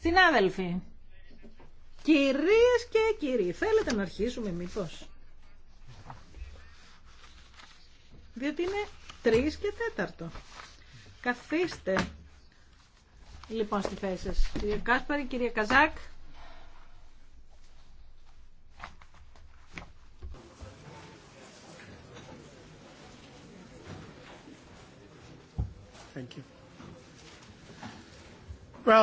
Συνάδελφοι, κυρίες και κύριοι, θέλετε να αρχίσουμε μήπως. Διότι είναι τρεις και τέταρτο Καθίστε λοιπόν στη θέση σας. Κυρία Κάσπαρη, κυρία Καζάκ. Thank Uh,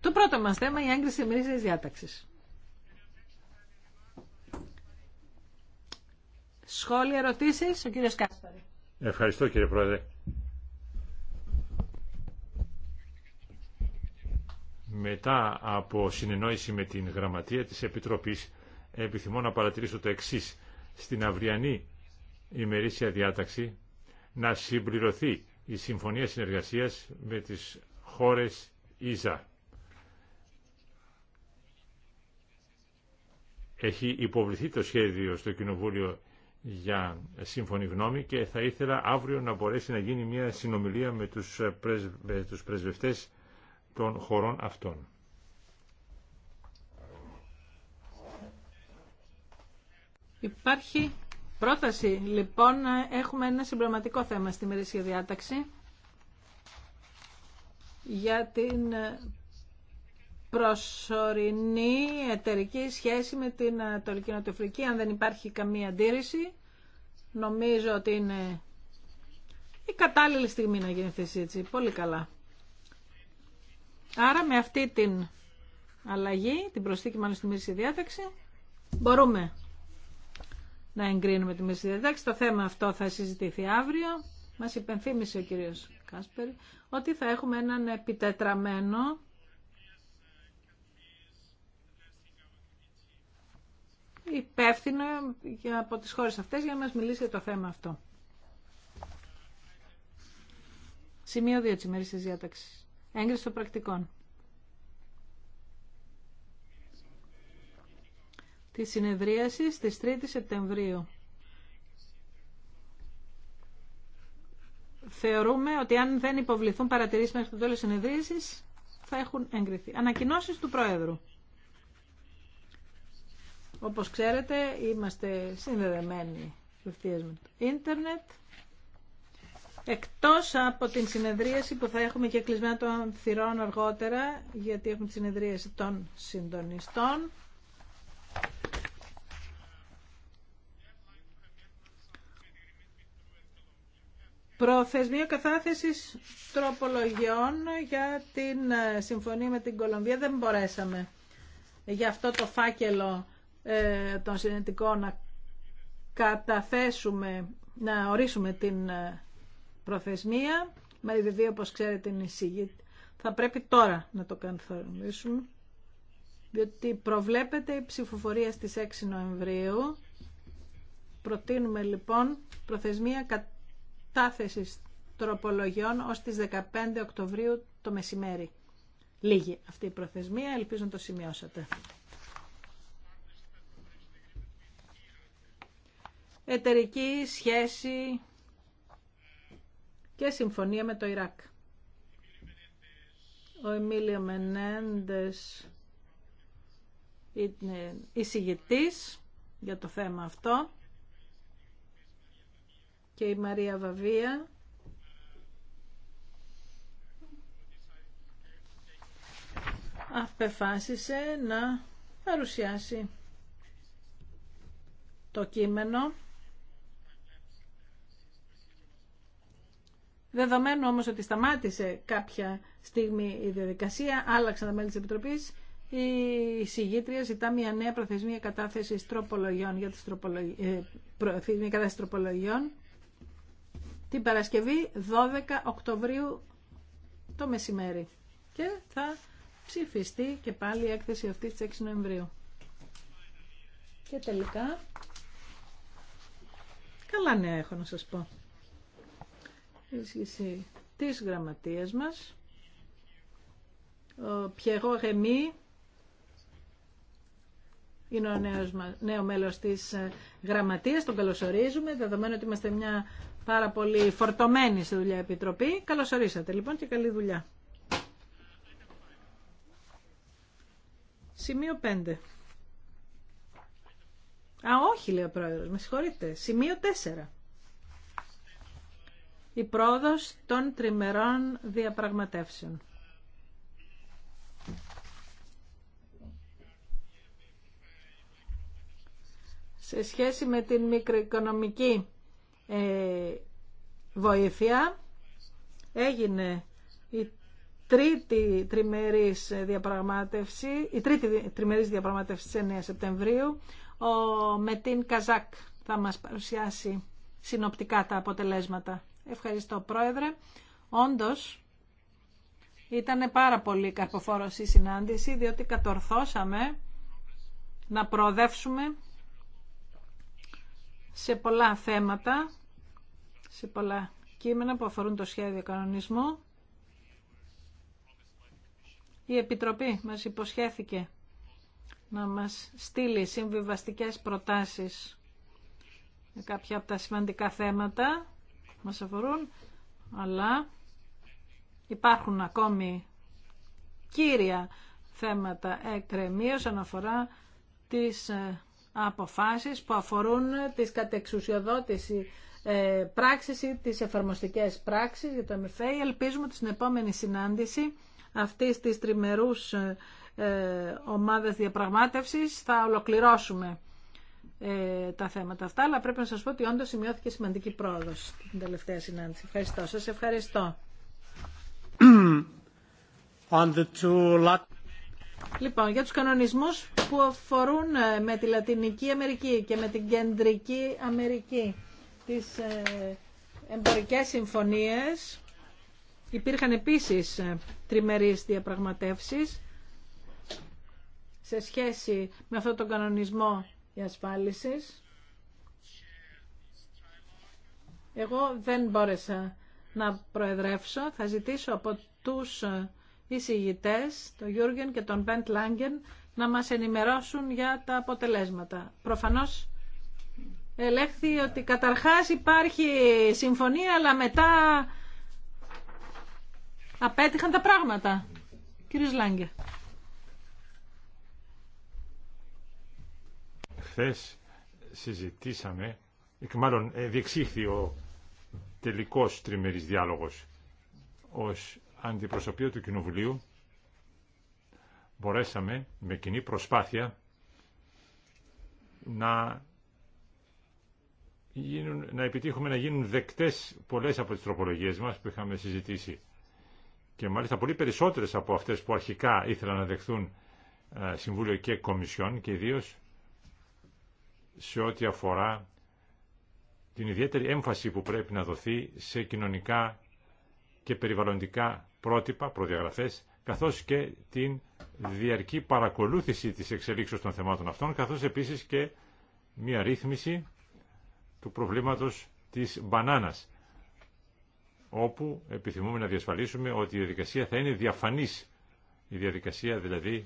το πρώτο μας θέμα, η έγκριση ημερήσιας διάταξης. Σχόλια, ερωτήσεις, ο κύριος Κάσπαρη. Ευχαριστώ κύριε Πρόεδρε. Μετά από συνεννόηση με την γραμματεία της Επιτροπής, επιθυμώ να παρατηρήσω το εξής. Στην αυριανή ημερήσια διάταξη να συμπληρωθεί η Συμφωνία Συνεργασίας με τις χώρες ΙΖΑ. Έχει υποβληθεί το σχέδιο στο Κοινοβούλιο για σύμφωνη γνώμη και θα ήθελα αύριο να μπορέσει να γίνει μια συνομιλία με τους, τους πρεσβευτές των χωρών αυτών. Υπάρχει πρόταση, λοιπόν, έχουμε ένα συμπληρωματικό θέμα στη μερίσια διάταξη για την προσωρινή εταιρική σχέση με την Ανατολική Νοτιοφρική. Αν δεν υπάρχει καμία αντίρρηση, νομίζω ότι είναι η κατάλληλη στιγμή να γίνει έτσι. Πολύ καλά. Άρα με αυτή την αλλαγή, την προσθήκη μάλλον στη μερίσια διάταξη, μπορούμε να εγκρίνουμε τη μέση διατάξη. Το θέμα αυτό θα συζητηθεί αύριο. Μας υπενθύμησε ο κύριος Κάσπερ ότι θα έχουμε έναν επιτετραμένο υπεύθυνο από τις χώρες αυτές για να μας μιλήσει για το θέμα αυτό. Σημείο 2 της ημέρης της διάταξης. Έγκριση των πρακτικών. της συνεδρίασης της 3 η Σεπτεμβρίου. Θεωρούμε ότι αν δεν υποβληθούν παρατηρήσεις μέχρι το τέλος συνεδρίασης θα έχουν εγκριθεί. Ανακοινώσεις του Προέδρου. Όπως ξέρετε είμαστε συνδεδεμένοι ευθείας με το ίντερνετ. Εκτός από την συνεδρίαση που θα έχουμε και κλεισμένα των θυρών αργότερα, γιατί έχουμε τη συνεδρίαση των συντονιστών, Προθεσμία καθάθεσης τροπολογιών για την ε, συμφωνία με την Κολομβία δεν μπορέσαμε για αυτό το φάκελο ε, των συνεντικών να καταθέσουμε, να ορίσουμε την ε, προθεσμία. Μαριδιδή, όπως ξέρετε, είναι εισηγήτη. Θα πρέπει τώρα να το καθορίσουμε διότι προβλέπεται η ψηφοφορία στις 6 Νοεμβρίου. Προτείνουμε λοιπόν προθεσμία κατάθεσης τροπολογιών ως τις 15 Οκτωβρίου το μεσημέρι. Λίγη αυτή η προθεσμία, ελπίζω να το σημειώσατε. Εταιρική σχέση και συμφωνία με το Ιράκ. Ο Εμίλιο Μενέντες είναι εισηγητής για το θέμα αυτό και η Μαρία Βαβία απεφάσισε να παρουσιάσει το κείμενο Δεδομένου όμως ότι σταμάτησε κάποια στιγμή η διαδικασία, άλλαξαν τα μέλη της Επιτροπής η συγγήτρια ζητά μια νέα προθεσμία κατάθεση τροπολογιών για τις τροπολογι... Ε, προθεσμία τροπολογιών την Παρασκευή 12 Οκτωβρίου το μεσημέρι και θα ψηφιστεί και πάλι η έκθεση αυτή της 6 Νοεμβρίου. Και τελικά, καλά νέα έχω να σας πω. Ίσχυση της γραμματείας μας, ο Πιεγό είναι ο νέος, νέο μέλος της ε, γραμματείας. Τον καλωσορίζουμε, δεδομένου ότι είμαστε μια πάρα πολύ φορτωμένη στη δουλειά επιτροπή. Καλωσορίσατε λοιπόν και καλή δουλειά. Σημείο 5. Α, όχι, λέει ο πρόεδρος, με συγχωρείτε. Σημείο 4. Η πρόοδος των τριμερών διαπραγματεύσεων. σε σχέση με την μικροοικονομική ε, βοήθεια έγινε η τρίτη τριμερής διαπραγμάτευση, η τρίτη τριμερής διαπραγμάτευση της 9 Σεπτεμβρίου, ο την Καζάκ θα μας παρουσιάσει συνοπτικά τα αποτελέσματα. Ευχαριστώ Πρόεδρε. Όντως, ήταν πάρα πολύ καρποφόρος η συνάντηση, διότι κατορθώσαμε να προοδεύσουμε σε πολλά θέματα, σε πολλά κείμενα που αφορούν το σχέδιο κανονισμού. Η Επιτροπή μας υποσχέθηκε να μας στείλει συμβιβαστικές προτάσεις για κάποια από τα σημαντικά θέματα που μας αφορούν, αλλά υπάρχουν ακόμη κύρια θέματα εκκρεμίως αναφορά τις ε, αποφάσεις που αφορούν τις κατεξουσιοδότηση ε, πράξεις ή τις εφαρμοστικές πράξεις για το MFA. Ελπίζουμε ότι στην επόμενη συνάντηση αυτή της τριμερούς ε, ε, ομάδας διαπραγμάτευσης θα ολοκληρώσουμε ε, τα θέματα αυτά, αλλά πρέπει να σας πω ότι όντως σημειώθηκε σημαντική πρόοδος την τελευταία συνάντηση. Ευχαριστώ. Σας ευχαριστώ. Λοιπόν, για τους κανονισμούς που αφορούν ε, με τη Λατινική Αμερική και με την Κεντρική Αμερική τις ε, εμπορικές συμφωνίες υπήρχαν επίσης ε, τριμερείς διαπραγματεύσεις σε σχέση με αυτόν τον κανονισμό ασφάλισης. Εγώ δεν μπόρεσα να προεδρεύσω. Θα ζητήσω από τους εισηγητές, τον Γιούργεν και τον Μπεντ Λάγκεν, να μας ενημερώσουν για τα αποτελέσματα. Προφανώς ελέγχθη ότι καταρχάς υπάρχει συμφωνία, αλλά μετά απέτυχαν τα πράγματα. Κύριε Λάγκε. Χθες συζητήσαμε, μάλλον ε, διεξήχθη ο τελικός τριμερής διάλογος ως αντιπροσωπεία του Κοινοβουλίου μπορέσαμε με κοινή προσπάθεια να, γίνουν, να επιτύχουμε να γίνουν δεκτές πολλές από τις τροπολογίες μας που είχαμε συζητήσει και μάλιστα πολύ περισσότερες από αυτές που αρχικά ήθελαν να δεχθούν ε, Συμβούλιο και Κομισιόν και ιδίω σε ό,τι αφορά την ιδιαίτερη έμφαση που πρέπει να δοθεί σε κοινωνικά και περιβαλλοντικά πρότυπα, προδιαγραφές, καθώς και την διαρκή παρακολούθηση της εξελίξεως των θεμάτων αυτών, καθώς επίσης και μια ρύθμιση του προβλήματος της μπανάνας, όπου επιθυμούμε να διασφαλίσουμε ότι η διαδικασία θα είναι διαφανής, η διαδικασία δηλαδή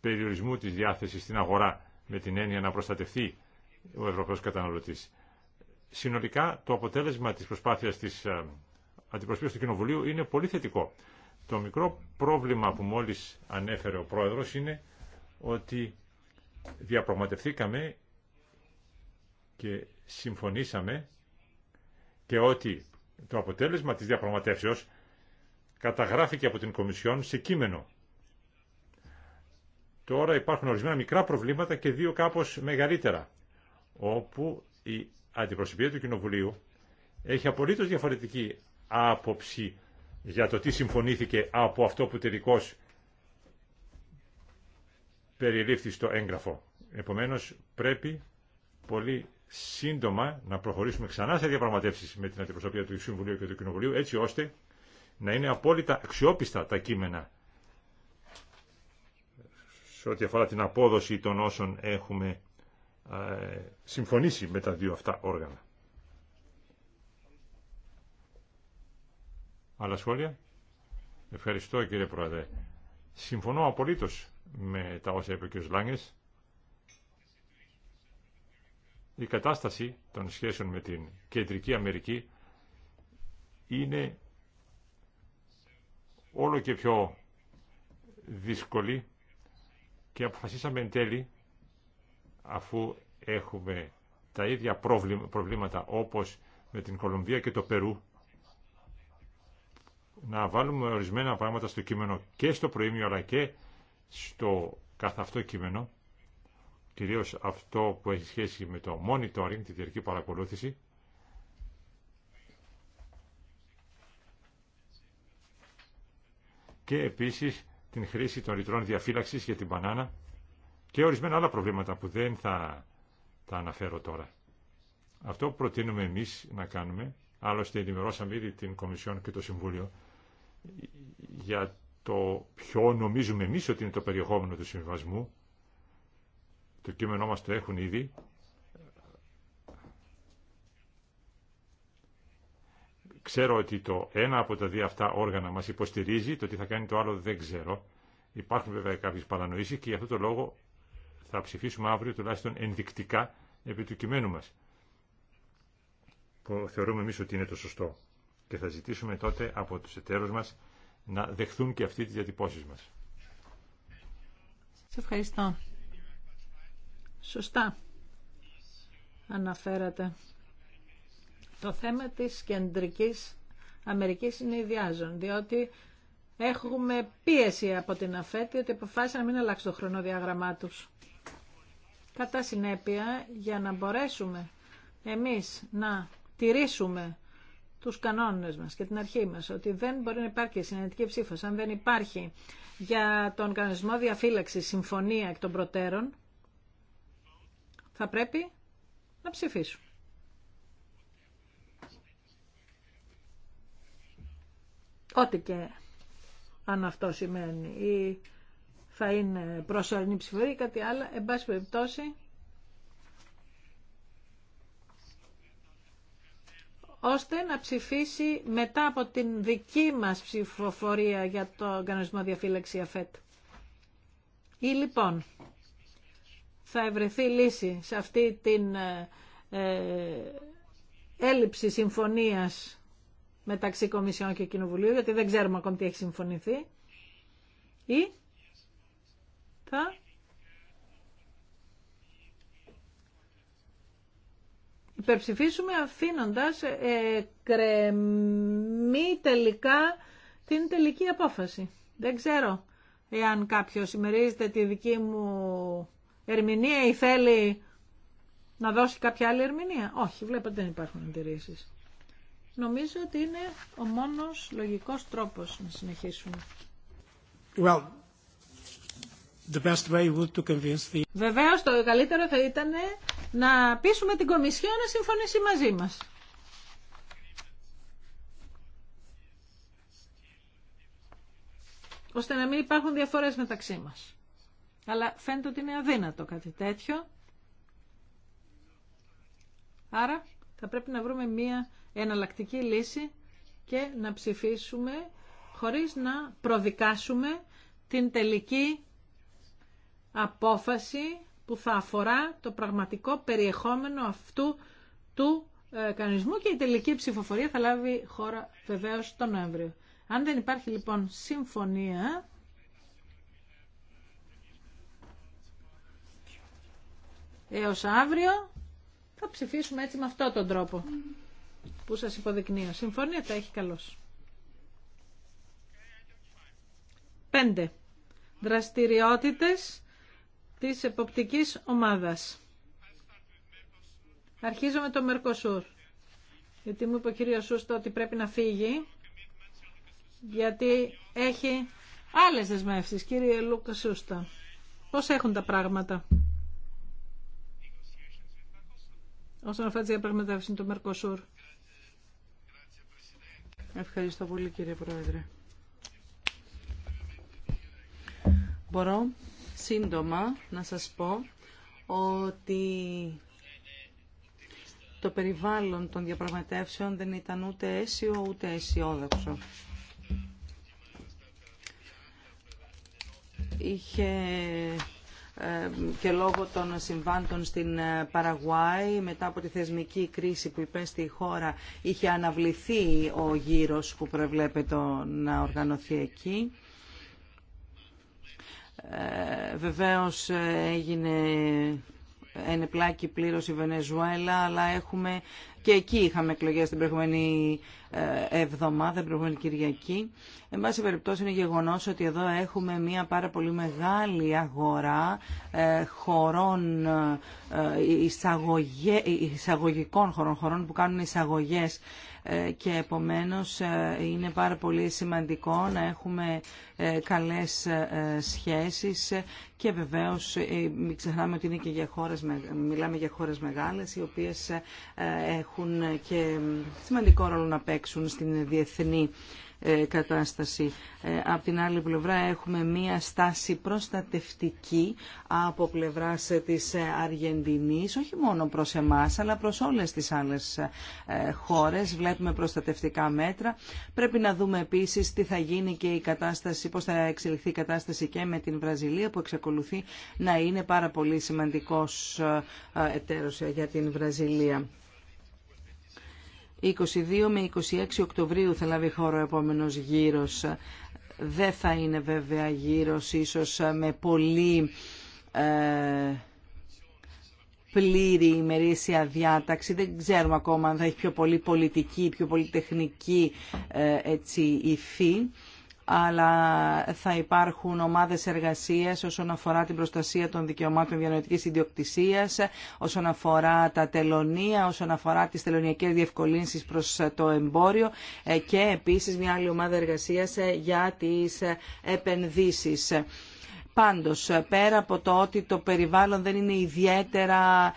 περιορισμού της διάθεσης στην αγορά, με την έννοια να προστατευτεί ο Ευρωπαίος καταναλωτής. Συνολικά το αποτέλεσμα της προσπάθειας της ε, αντιπροσωπείας του Κοινοβουλίου είναι πολύ θετικό. Το μικρό πρόβλημα που μόλις ανέφερε ο Πρόεδρος είναι ότι διαπραγματευθήκαμε και συμφωνήσαμε και ότι το αποτέλεσμα της διαπραγματεύσεως καταγράφηκε από την Κομισιόν σε κείμενο. Τώρα υπάρχουν ορισμένα μικρά προβλήματα και δύο κάπως μεγαλύτερα, όπου η αντιπροσωπεία του Κοινοβουλίου έχει απολύτω διαφορετική άποψη για το τι συμφωνήθηκε από αυτό που τελικώς περιλήφθη στο έγγραφο. Επομένως πρέπει πολύ σύντομα να προχωρήσουμε ξανά σε διαπραγματεύσει με την αντιπροσωπεία του Συμβουλίου και του Κοινοβουλίου έτσι ώστε να είναι απόλυτα αξιόπιστα τα κείμενα σε ό,τι αφορά την απόδοση των όσων έχουμε ε, συμφωνήσει με τα δύο αυτά όργανα. Άλλα σχόλια. Ευχαριστώ κύριε Πρόεδρε. Συμφωνώ απολύτως με τα όσα είπε ο κ. Η κατάσταση των σχέσεων με την Κεντρική Αμερική είναι όλο και πιο δύσκολη και αποφασίσαμε εν τέλει αφού έχουμε τα ίδια προβλήματα όπως με την Κολομβία και το Περού να βάλουμε ορισμένα πράγματα στο κείμενο και στο προήμιο αλλά και στο καθ' αυτό κείμενο κυρίως αυτό που έχει σχέση με το monitoring, τη διαρκή παρακολούθηση και επίσης την χρήση των ρητρών διαφύλαξης για την μπανάνα και ορισμένα άλλα προβλήματα που δεν θα τα αναφέρω τώρα. Αυτό που προτείνουμε εμείς να κάνουμε, άλλωστε ενημερώσαμε ήδη την Κομισιόν και το Συμβούλιο για το ποιο νομίζουμε εμείς ότι είναι το περιεχόμενο του συμβασμού, το κείμενό μας το έχουν ήδη, ξέρω ότι το ένα από τα δύο αυτά όργανα μας υποστηρίζει, το τι θα κάνει το άλλο δεν ξέρω. Υπάρχουν βέβαια κάποιες παρανοήσεις και για αυτό το λόγο θα ψηφίσουμε αύριο τουλάχιστον ενδεικτικά επί του κειμένου μας που θεωρούμε εμείς ότι είναι το σωστό και θα ζητήσουμε τότε από τους εταίρους μας να δεχθούν και αυτοί τις διατυπώσεις μας. Σε ευχαριστώ. Σωστά αναφέρατε. Το θέμα της κεντρικής Αμερικής είναι ιδιάζων, διότι έχουμε πίεση από την Αφέτη ότι αποφάσισαν να μην αλλάξει το χρονοδιάγραμμά τους. Κατά συνέπεια, για να μπορέσουμε εμείς να τηρήσουμε τους κανόνες μας και την αρχή μας, ότι δεν μπορεί να υπάρχει συνενετική ψήφος, αν δεν υπάρχει για τον κανονισμό διαφύλαξη συμφωνία εκ των προτέρων, θα πρέπει να ψηφίσουν. Ό,τι και αν αυτό σημαίνει θα είναι προσωρινή ψηφοφορία ή κάτι άλλο. Εν πάση περιπτώσει, ώστε να ψηφίσει μετά από την δική μας ψηφοφορία για το κανονισμό διαφύλαξη ΑΦΕΤ. Ή λοιπόν θα ευρεθεί λύση σε αυτή την ε, ε, έλλειψη συμφωνίας μεταξύ Κομισιών και Κοινοβουλίου, γιατί δεν ξέρουμε ακόμη τι έχει συμφωνηθεί, ή θα υπερψηφίσουμε αφήνοντας ε, τελικά την τελική απόφαση. Δεν ξέρω εάν κάποιος συμμερίζεται τη δική μου ερμηνεία ή θέλει να δώσει κάποια άλλη ερμηνεία. Όχι, βλέπω δεν υπάρχουν αντιρρήσει. Νομίζω ότι είναι ο μόνος λογικός τρόπος να συνεχίσουμε. Well, The το καλύτερο θα ήταν να πείσουμε την Κομισιό να συμφωνήσει μαζί μας. ώστε να μην υπάρχουν διαφορές μεταξύ μας. Αλλά φαίνεται ότι είναι αδύνατο κάτι τέτοιο. Άρα θα πρέπει να βρούμε μία εναλλακτική λύση και να ψηφίσουμε χωρίς να προδικάσουμε την τελική απόφαση που θα αφορά το πραγματικό περιεχόμενο αυτού του ε, κανονισμού και η τελική ψηφοφορία θα λάβει χώρα βεβαίως τον Νοέμβριο. Αν δεν υπάρχει λοιπόν συμφωνία... Έως αύριο θα ψηφίσουμε έτσι με αυτόν τον τρόπο που σας υποδεικνύω. Συμφωνία τα έχει καλώς. Πέντε. Δραστηριότητες της εποπτικής ομάδας. Αρχίζω με το Μερκοσούρ. Γιατί μου είπε ο κύριος Σούστα ότι πρέπει να φύγει, γιατί έχει άλλες δεσμεύσεις, κύριε Λούκα Σούστα. Πώς έχουν τα πράγματα όσον αφορά τις διαπραγματεύσεις με το Μερκοσούρ. Ευχαριστώ πολύ κύριε Πρόεδρε. Μπορώ σύντομα να σας πω ότι το περιβάλλον των διαπραγματεύσεων δεν ήταν ούτε αίσιο ούτε αισιόδοξο. Είχε ε, και λόγω των συμβάντων στην ε, Παραγουάη μετά από τη θεσμική κρίση που υπέστη η χώρα είχε αναβληθεί ο γύρος που προβλέπεται να οργανωθεί εκεί ε, βεβαίως ε, έγινε ε, ενεπλάκη πλήρως η Βενεζουέλα, αλλά έχουμε και εκεί είχαμε εκλογέ την προηγούμενη ε, εβδομάδα, την προηγούμενη Κυριακή. Εν πάση περιπτώσει είναι γεγονός ότι εδώ έχουμε μια πάρα πολύ μεγάλη αγορά ε, χωρών ε, εισαγωγικών χωρών, χωρών που κάνουν εισαγωγέ. και επομένως είναι πάρα πολύ σημαντικό να έχουμε καλές σχέσεις και βεβαίως μην ξεχνάμε ότι είναι και για μιλάμε για χώρες μεγάλες οι έχουν και σημαντικό ρόλο να παίξουν στην διεθνή ε, κατάσταση. Ε, απ' την άλλη πλευρά έχουμε μία στάση προστατευτική από πλευράς της Αργεντινής, όχι μόνο προς εμάς, αλλά προς όλες τις άλλες ε, χώρες. Βλέπουμε προστατευτικά μέτρα. Πρέπει να δούμε επίσης τι θα γίνει και η κατάσταση, πώς θα εξελιχθεί η κατάσταση και με την Βραζιλία, που εξακολουθεί να είναι πάρα πολύ σημαντικός εταίρος για την Βραζιλία. 22 με 26 Οκτωβρίου θα λάβει χώρο ο επόμενος γύρος. Δεν θα είναι βέβαια γύρος ίσως με πολύ ε, πλήρη ημερήσια διάταξη. Δεν ξέρουμε ακόμα αν θα έχει πιο πολύ πολιτική, πιο πολύ τεχνική ε, έτσι, υφή αλλά θα υπάρχουν ομάδες εργασίας όσον αφορά την προστασία των δικαιωμάτων διανοητικής ιδιοκτησίας, όσον αφορά τα τελωνία, όσον αφορά τις τελωνιακές διευκολύνσεις προς το εμπόριο ε, και επίσης μια άλλη ομάδα εργασίας ε, για τις ε, επενδύσεις. Πάντως, πέρα από το ότι το περιβάλλον δεν είναι ιδιαίτερα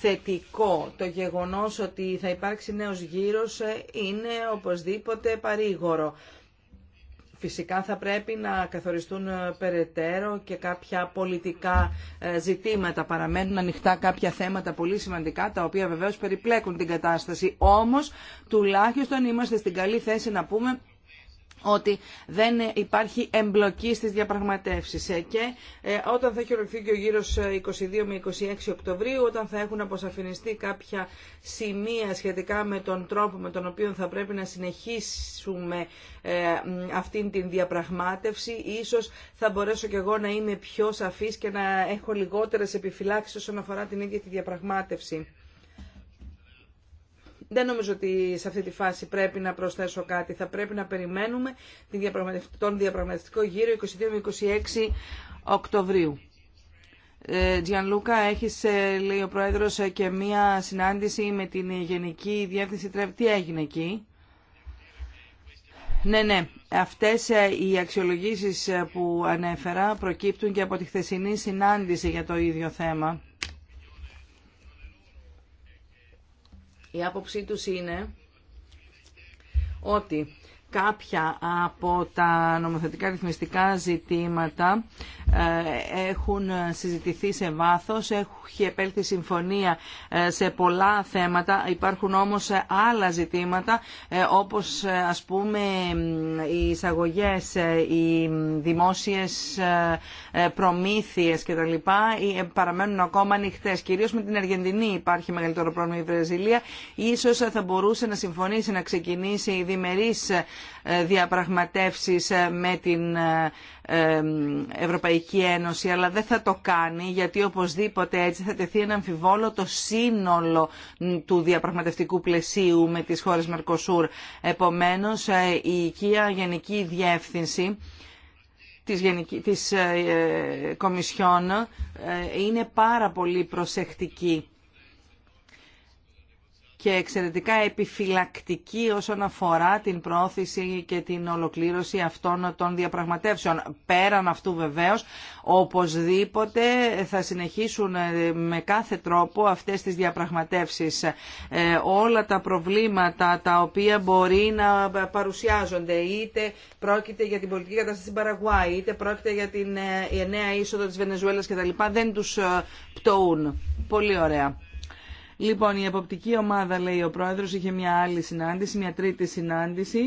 θετικό, το γεγονός ότι θα υπάρξει νέος γύρος είναι οπωσδήποτε παρήγορο. Φυσικά θα πρέπει να καθοριστούν ε, περαιτέρω και κάποια πολιτικά ε, ζητήματα. Παραμένουν ανοιχτά κάποια θέματα πολύ σημαντικά, τα οποία βεβαίως περιπλέκουν την κατάσταση. Όμως, τουλάχιστον είμαστε στην καλή θέση να πούμε ότι δεν υπάρχει εμπλοκή στις διαπραγματεύσεις ε, και ε, όταν θα έχει ολοκληρωθεί και ο γύρος 22 ε, με 26 Οκτωβρίου, όταν θα έχουν αποσαφινιστεί κάποια σημεία σχετικά με τον τρόπο με τον οποίο θα πρέπει να συνεχίσουμε αυτήν την διαπραγμάτευση, ίσως θα μπορέσω και εγώ να είμαι πιο σαφής και να έχω λιγότερες επιφυλάξεις όσον αφορά την ίδια τη διαπραγμάτευση. Δεν νομίζω ότι σε αυτή τη φάση πρέπει να προσθέσω κάτι. Θα πρέπει να περιμένουμε τον διαπραγματευτικό γύρο 22 26 Οκτωβρίου. Ε, Λούκα, έχει ε, λέει ο Πρόεδρο, ε, και μία συνάντηση με την Γενική Διεύθυνση Τρέβ. Τι έγινε εκεί? Ναι, ναι. Αυτές οι αξιολογήσεις που ανέφερα προκύπτουν και από τη χθεσινή συνάντηση για το ίδιο θέμα. Η άποψή τους είναι ότι κάποια από τα νομοθετικά ρυθμιστικά ζητήματα ε, έχουν συζητηθεί σε βάθος, έχει επέλθει συμφωνία ε, σε πολλά θέματα, υπάρχουν όμως ε, άλλα ζητήματα όπως ας πούμε οι εισαγωγές, οι δημόσιες προμήθειες κτλ. παραμένουν ακόμα ανοιχτέ. Κυρίως με την Αργεντινή υπάρχει μεγαλύτερο πρόβλημα η Βραζιλία. Ίσως θα μπορούσε να συμφωνήσει να ξεκινήσει η διμερής ε, διαπραγματεύσεις ε, με την ε, Ευρωπαϊκή Ένωση, αλλά δεν θα το κάνει γιατί οπωσδήποτε έτσι θα τεθεί ένα αμφιβόλο το σύνολο του διαπραγματευτικού πλαισίου με τις χώρες Μερκοσούρ. Επομένως, η οικία Γενική Διεύθυνση της, Γενική, της Κομισιόν είναι πάρα πολύ προσεκτική και εξαιρετικά επιφυλακτική όσον αφορά την πρόθεση και την ολοκλήρωση αυτών των διαπραγματεύσεων. Πέραν αυτού βεβαίως, οπωσδήποτε θα συνεχίσουν ε, με κάθε τρόπο αυτές τις διαπραγματεύσεις. Ε, όλα τα προβλήματα τα οποία μπορεί να παρουσιάζονται, είτε πρόκειται για την πολιτική κατάσταση στην Παραγουάη, είτε πρόκειται για την ε, νέα είσοδο της Βενεζουέλας κτλ. δεν τους πτωούν. Πολύ ωραία. Λοιπόν, η εποπτική ομάδα, λέει ο πρόεδρος, είχε μια άλλη συνάντηση, μια τρίτη συνάντηση.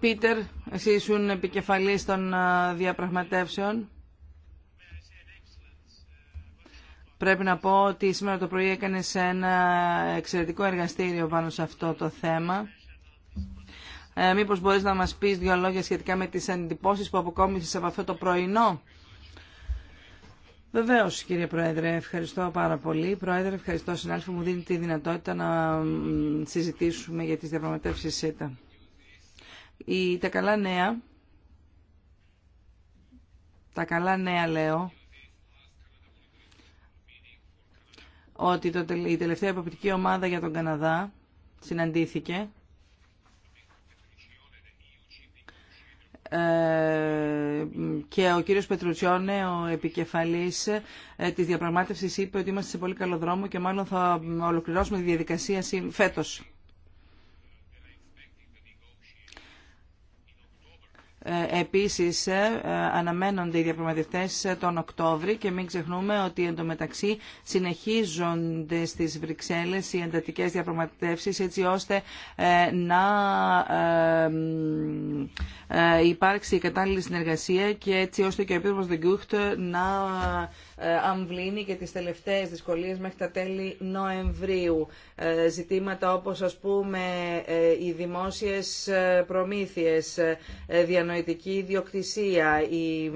Πίτερ, εσύ ήσουν επικεφαλής των διαπραγματεύσεων. Πρέπει να πω ότι σήμερα το πρωί έκανε σε ένα εξαιρετικό εργαστήριο πάνω σε αυτό το θέμα. Ε, μήπως μπορείς να μας πεις δύο λόγια σχετικά με τις εντυπώσεις που αποκόμισε από αυτό το πρωινό Βεβαίω, κύριε Πρόεδρε, ευχαριστώ πάρα πολύ. Πρόεδρε, ευχαριστώ συνάδελφο μου δίνει τη δυνατότητα να συζητήσουμε για τις διαπραγματεύσει ΣΥΤΑ. Η, τα καλά νέα, τα καλά νέα λέω, ότι η τελευταία εποπτική ομάδα για τον Καναδά συναντήθηκε Ε, και ο κύριος Πετρουτσιώνε, ο επικεφαλής ε, της διαπραγμάτευσης, είπε ότι είμαστε σε πολύ καλό δρόμο και μάλλον θα ολοκληρώσουμε τη διαδικασία φέτος. Ε, επίσης ε, αναμένονται οι διαπραγματευτές τον Οκτώβρη και μην ξεχνούμε ότι εντωμεταξύ συνεχίζονται στις Βρυξέλλες οι εντατικές διαπραγματεύσεις έτσι ώστε ε, να υπάρξει η κατάλληλη συνεργασία και έτσι ώστε και ο Επίτροπος Δεγκούχτ να ε, αμβλύνει και τις τελευταίες δυσκολίες μέχρι τα τέλη Νοεμβρίου. Ε, ζητήματα όπως ας πούμε ε, οι δημόσιες προμήθειες, διανοητική ιδιοκτησία, η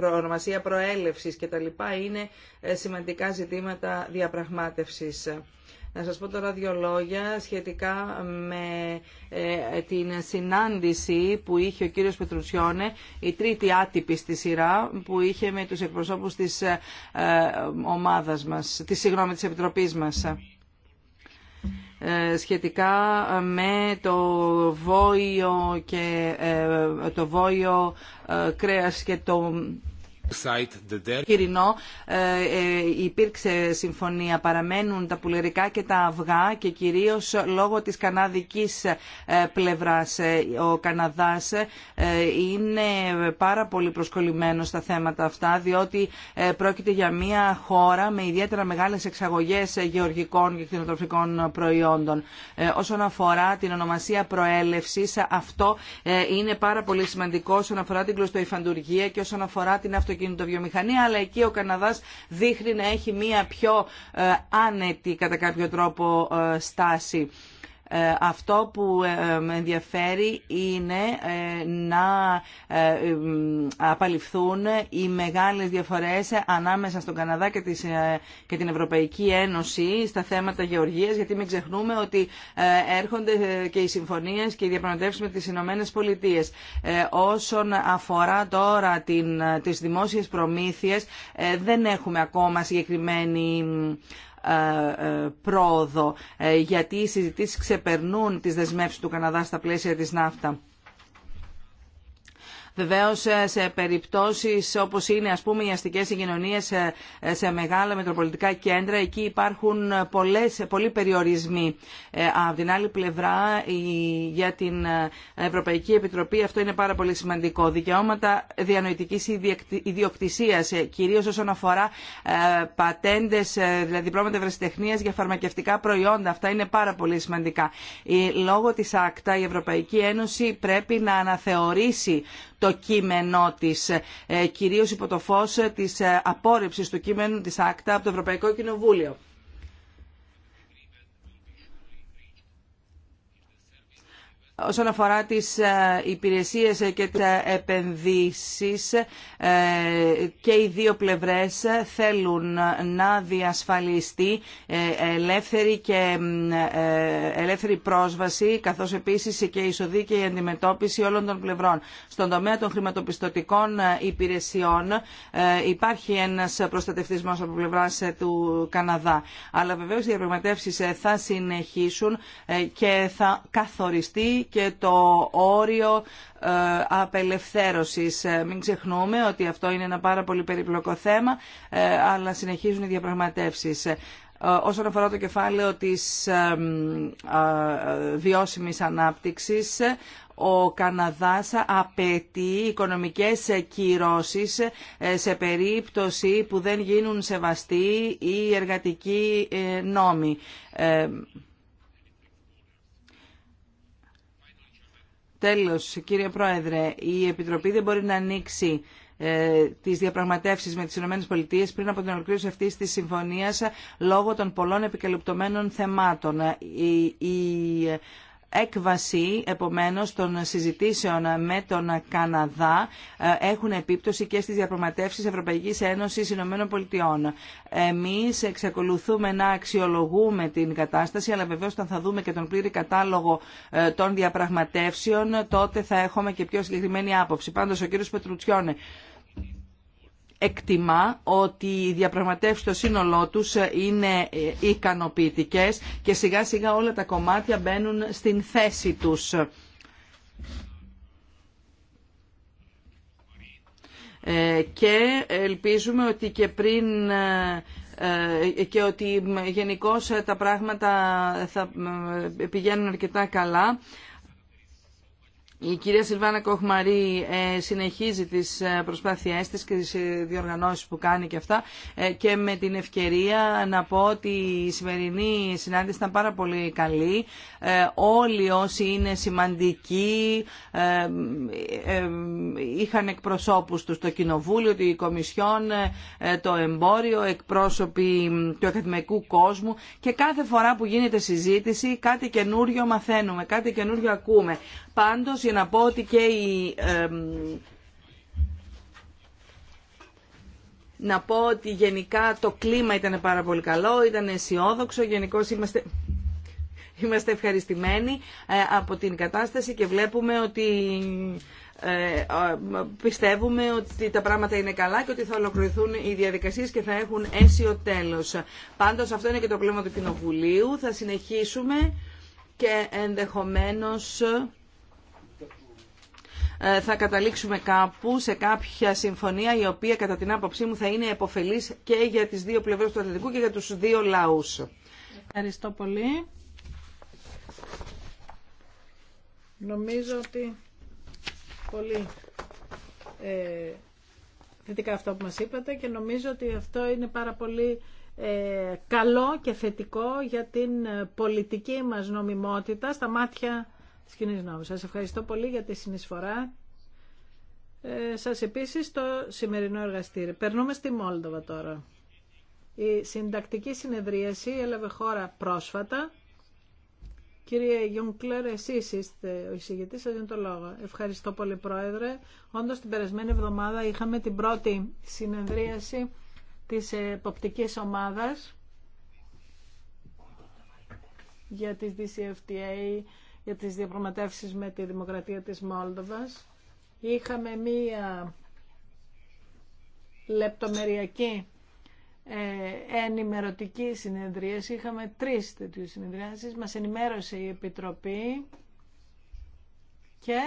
ονομασία προέλευσης κτλ. είναι σημαντικά ζητήματα διαπραγμάτευσης. Να σας πω τώρα δύο λόγια σχετικά με ε, την συνάντηση που είχε ο κύριος Πετρουσιώνε, η τρίτη άτυπη στη σειρά που είχε με τους εκπροσώπους της ε, ομάδας μας, της, συγγνώμη, της Επιτροπής μας ε, σχετικά με το βόηο και το κρέας και το Χοιρινό ε, ε, υπήρξε συμφωνία. Παραμένουν τα πουλερικά και τα αυγά και κυρίως λόγω της καναδικής ε, πλευράς. Ο Καναδάς είναι πάρα πολύ προσκολλημένος στα θέματα αυτά διότι πρόκειται για μια χώρα με ιδιαίτερα μεγάλες εξαγωγές γεωργικών και κτηνοτροφικών προϊόντων. Όσον αφορά την ονομασία προέλευσης, αυτό είναι πάρα πολύ σημαντικό όσον αφορά την κλωστοϊφαντουργία και όσον αφορά την αυτοκίνηση βιομηχανία, αλλά εκεί ο Καναδάς δείχνει να έχει μία πιο ε, άνετη κατά κάποιο τρόπο ε, στάση. Ε, αυτό που ε, με ενδιαφέρει είναι ε, να απαλληφθούν οι μεγάλες διαφορές ανάμεσα στον Καναδά και την Ευρωπαϊκή Ένωση στα θέματα γεωργίας, γιατί μην ξεχνούμε ότι έρχονται και οι συμφωνίες και οι διαπραγματεύσεις με τις Ηνωμένε Πολιτείε. Όσον αφορά τώρα την, τις δημόσιες προμήθειες, δεν έχουμε ακόμα συγκεκριμένη ε, ε, πρόοδο, ε, γιατί οι συζητήσεις ξεπερνούν τις δεσμεύσεις του Καναδά στα πλαίσια της ΝΑΦΤΑ. Βεβαίω ε, σε περιπτώσει όπω είναι ας πούμε οι αστικέ συγκοινωνίε ε, ε, σε μεγάλα μετροπολιτικά κέντρα εκεί υπάρχουν πολλές, πολλοί περιορισμοί. Από την άλλη πλευρά για την Ευρωπαϊκή Επιτροπή αυτό είναι πάρα πολύ σημαντικό. Δικαιώματα διανοητικής ιδιοκτησία. Κυρίω όσον αφορά πατέντες, δηλαδή πρόβλημα ευρεσιτεχνίας για φαρμακευτικά προϊόντα. Αυτά είναι πάρα πολύ σημαντικά. Λόγω της ΑΚΤΑ η Ευρωπαϊκή Ένωση πρέπει να αναθεωρήσει το κείμενό της, ε, κυρίως υπό το φως της ε, απόρριψης του κείμενου της ΑΚΤΑ από το Ευρωπαϊκό Κοινοβούλιο. όσον αφορά τις ε, υπηρεσίες ε, και τις ε, επενδύσεις και οι δύο πλευρές θέλουν να διασφαλιστεί ελεύθερη και ελεύθερη πρόσβαση καθώς επίσης και εισοδή και η αντιμετώπιση όλων των πλευρών. Στον τομέα των χρηματοπιστωτικών υπηρεσιών υπάρχει ένας προστατευτισμός από πλευράς του Καναδά. Αλλά βεβαίως οι διαπραγματεύσεις θα συνεχίσουν και θα καθοριστεί και το όριο ε, απελευθέρωσης. Ε, μην ξεχνούμε ότι αυτό είναι ένα πάρα πολύ περίπλοκο θέμα, ε, αλλά συνεχίζουν οι διαπραγματεύσεις. Όσον αφορά το κεφάλαιο της βιώσιμης ανάπτυξης, ο Καναδάς απαιτεί οικονομικές κυρώσεις σε περίπτωση που δεν γίνουν σεβαστοί οι εργατικοί νόμοι. Τέλος, κύριε Πρόεδρε, η Επιτροπή δεν μπορεί να ανοίξει ε, τις διαπραγματεύσεις με τις ΗΠΑ πριν από την ολοκλήρωση αυτής της συμφωνίας λόγω των πολλών επικαλυπτωμένων θεμάτων. Ε, η, η έκβαση επομένως των συζητήσεων με τον Καναδά ε, έχουν επίπτωση και στις διαπραγματεύσεις Ευρωπαϊκής Ένωσης Ηνωμένων Πολιτειών. Εμείς εξακολουθούμε να αξιολογούμε την κατάσταση αλλά βεβαίως όταν θα δούμε και τον πλήρη κατάλογο ε, των διαπραγματεύσεων τότε θα έχουμε και πιο συγκεκριμένη άποψη. Πάντως ο κύριος Πετρουτσιώνε εκτιμά ότι οι διαπραγματεύσει στο σύνολό τους είναι ε, ικανοποιητικέ και σιγά σιγά όλα τα κομμάτια μπαίνουν στην θέση τους. Ε, και ελπίζουμε ότι και πριν ε, και ότι γενικώ τα πράγματα θα πηγαίνουν αρκετά καλά η κυρία Σιλβάνα Κοχμαρή ε, συνεχίζει τις ε, προσπάθειές της και τις ε, διοργανώσεις που κάνει και αυτά και με την ευκαιρία να πω ότι η σημερινή συνάντηση ήταν πάρα πολύ καλή. όλοι όσοι είναι σημαντικοί είχαν εκπροσώπους τους το Κοινοβούλιο, τη Κομισιόν, το Εμπόριο, εκπρόσωποι του ακαδημαϊκού κόσμου και κάθε φορά που γίνεται συζήτηση κάτι καινούριο μαθαίνουμε, κάτι καινούριο ακούμε. Πάντως να πω ότι και η... να πω ότι γενικά το κλίμα ήταν πάρα πολύ καλό, ήταν αισιόδοξο, γενικώ είμαστε... Είμαστε ευχαριστημένοι ε, από την κατάσταση και βλέπουμε ότι ε, ε, πιστεύουμε ότι τα πράγματα είναι καλά και ότι θα ολοκληρωθούν οι διαδικασίες και θα έχουν αίσιο τέλος. Πάντως αυτό είναι και το κλίμα του Κοινοβουλίου. Θα συνεχίσουμε και ενδεχομένως ε, θα καταλήξουμε κάπου σε κάποια συμφωνία η οποία κατά την άποψή μου θα είναι επωφελής και για τις δύο πλευρές του Ατλαντικού και για τους δύο λαούς. Ευχαριστώ πολύ. Νομίζω ότι πολύ ε, θετικά αυτό που μας είπατε και νομίζω ότι αυτό είναι πάρα πολύ ε, καλό και θετικό για την ε, πολιτική μας νομιμότητα στα μάτια της Σας ευχαριστώ πολύ για τη συνεισφορά ε, σας επίσης το σημερινό εργαστήριο. Περνούμε στη Μόλδοβα τώρα. Η συντακτική συνεδρίαση έλαβε χώρα πρόσφατα. Κύριε Γιουνκλέρ, εσείς είστε ο εισηγητής, σας δίνω το λόγο. Ευχαριστώ πολύ, Πρόεδρε. Όντως, την περασμένη εβδομάδα είχαμε την πρώτη συνεδρίαση της εποπτικής ομάδας για τις DCFTA για τις διαπραγματεύσεις με τη Δημοκρατία της Μόλδοβας. Είχαμε μία λεπτομεριακή ε, ενημερωτική συνεδρίαση. Είχαμε τρεις τέτοιες συνεδριάσεις. Μας ενημέρωσε η Επιτροπή και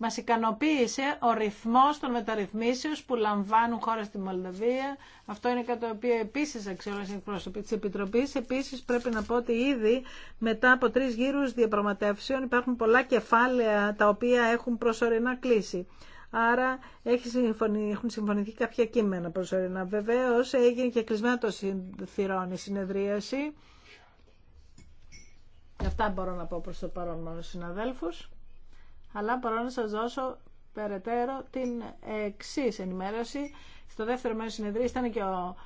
μας ικανοποίησε ο ρυθμός των μεταρρυθμίσεων που λαμβάνουν χώρα στη Μολδαβία. Αυτό είναι κάτι το οποίο επίσης η πρόσωπη της Επιτροπής. Επίσης πρέπει να πω ότι ήδη μετά από τρεις γύρους διαπραγματεύσεων υπάρχουν πολλά κεφάλαια τα οποία έχουν προσωρινά κλείσει. Άρα έχουν συμφωνηθεί κάποια κείμενα προσωρινά. Βεβαίως έγινε και κλεισμένο το η συνεδρίαση. Αυτά μπορώ να πω προς το παρόν μόνο συναδέλφους αλλά μπορώ να σας δώσω περαιτέρω την εξή ενημέρωση. Στο δεύτερο μέρος συνεδρία ήταν και ο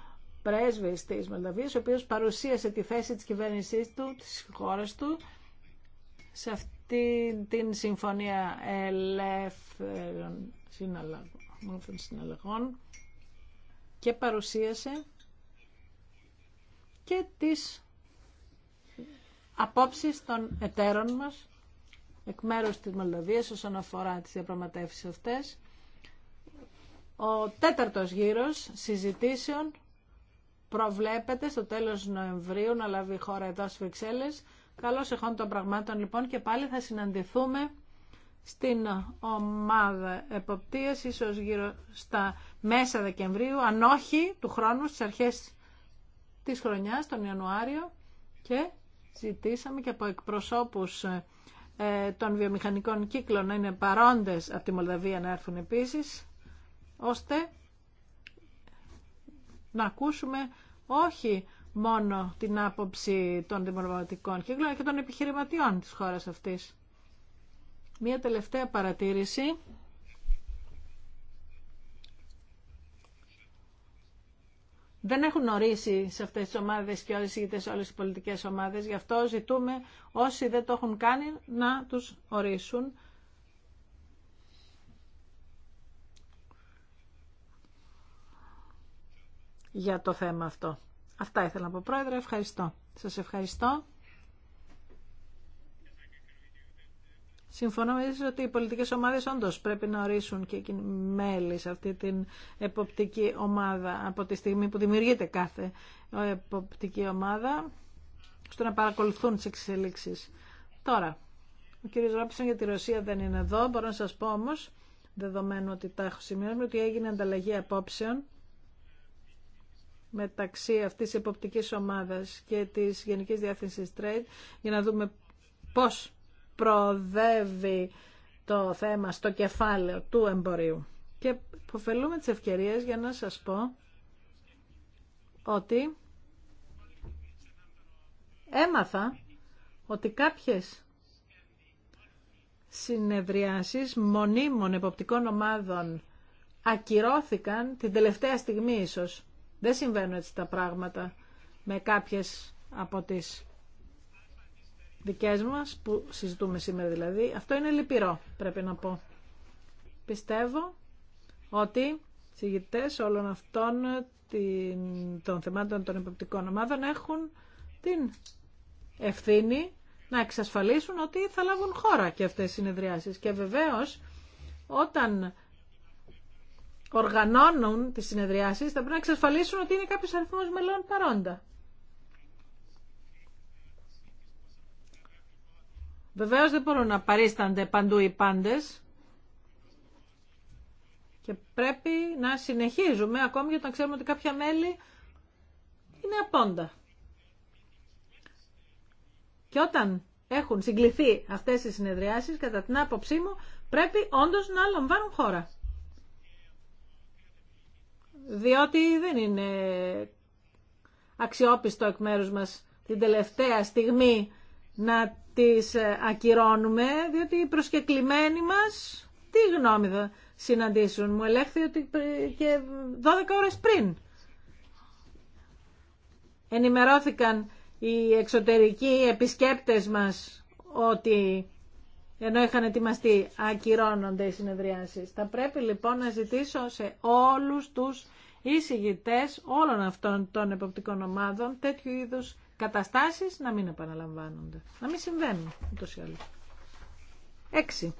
πρέσβης της Μολδαβίας, ο οποίος παρουσίασε τη θέση της κυβέρνησής του, της χώρας του, σε αυτή την συμφωνία ελεύθερων συναλλαγών και παρουσίασε και τις απόψεις των εταίρων μας εκ μέρους της Μολδαβίας όσον αφορά τις διαπραγματεύσεις αυτές. Ο τέταρτος γύρος συζητήσεων προβλέπεται στο τέλος Νοεμβρίου να λάβει η χώρα εδώ στις Βρυξέλλες. Καλώς εχών των πραγμάτων λοιπόν και πάλι θα συναντηθούμε στην ομάδα εποπτείας ίσως γύρω στα μέσα Δεκεμβρίου, αν όχι του χρόνου στις αρχές της χρονιάς, τον Ιανουάριο και ζητήσαμε και από εκπροσώπους ε, των βιομηχανικών κύκλων να είναι παρόντες από τη Μολδαβία να έρθουν επίσης, ώστε να ακούσουμε όχι μόνο την άποψη των δημοκρατικών κύκλων αλλά και των επιχειρηματιών της χώρας αυτής. Μία τελευταία παρατήρηση δεν έχουν ορίσει σε αυτές τις ομάδες και όλες οι σε όλες τις πολιτικές ομάδες. Γι' αυτό ζητούμε όσοι δεν το έχουν κάνει να τους ορίσουν. για το θέμα αυτό. Αυτά ήθελα να πω, Πρόεδρε. Ευχαριστώ. Σας ευχαριστώ. Συμφωνώ με εσείς ότι οι πολιτικές ομάδες όντως πρέπει να ορίσουν και μέλη σε αυτή την εποπτική ομάδα από τη στιγμή που δημιουργείται κάθε εποπτική ομάδα στο να παρακολουθούν τις εξελίξεις. Τώρα, ο κύριος Ρόπισον για τη Ρωσία δεν είναι εδώ. Μπορώ να σας πω όμως, δεδομένου ότι τα έχω σημειώσει, ότι έγινε ανταλλαγή απόψεων μεταξύ αυτής της εποπτικής ομάδας και της Γενικής Διεύθυνσης Trade για να δούμε πώς προοδεύει το θέμα στο κεφάλαιο του εμπορίου. Και υποφελούμε τις ευκαιρίες για να σας πω ότι έμαθα ότι κάποιες συνεδριάσεις μονίμων εποπτικών ομάδων ακυρώθηκαν την τελευταία στιγμή ίσως. Δεν συμβαίνουν έτσι τα πράγματα με κάποιες από τις δικές μας που συζητούμε σήμερα δηλαδή. Αυτό είναι λυπηρό πρέπει να πω. Πιστεύω ότι συγητές όλων αυτών των θεμάτων των υποπτικών ομάδων έχουν την ευθύνη να εξασφαλίσουν ότι θα λάβουν χώρα και αυτές οι συνεδριάσεις. Και βεβαίως όταν οργανώνουν τις συνεδριάσεις θα πρέπει να εξασφαλίσουν ότι είναι κάποιος αριθμός μελών παρόντα. Βεβαίως δεν μπορούν να παρίστανται παντού οι πάντες και πρέπει να συνεχίζουμε ακόμη γιατί να ξέρουμε ότι κάποια μέλη είναι απόντα. Και όταν έχουν συγκληθεί αυτές οι συνεδριάσεις, κατά την άποψή μου, πρέπει όντως να λαμβάνουν χώρα. Διότι δεν είναι αξιόπιστο εκ μέρους μας την τελευταία στιγμή να τις ε, ακυρώνουμε, διότι οι προσκεκλημένοι μας τι γνώμη θα συναντήσουν. Μου ελέγχθη ότι και 12 ώρες πριν ενημερώθηκαν οι εξωτερικοί επισκέπτες μας ότι ενώ είχαν ετοιμαστεί ακυρώνονται οι συνεδριάσεις. Θα πρέπει λοιπόν να ζητήσω σε όλους τους εισηγητές όλων αυτών των εποπτικών ομάδων τέτοιου είδους καταστάσεις να μην επαναλαμβάνονται. Να μην συμβαίνουν ούτως ή άλλως. 6.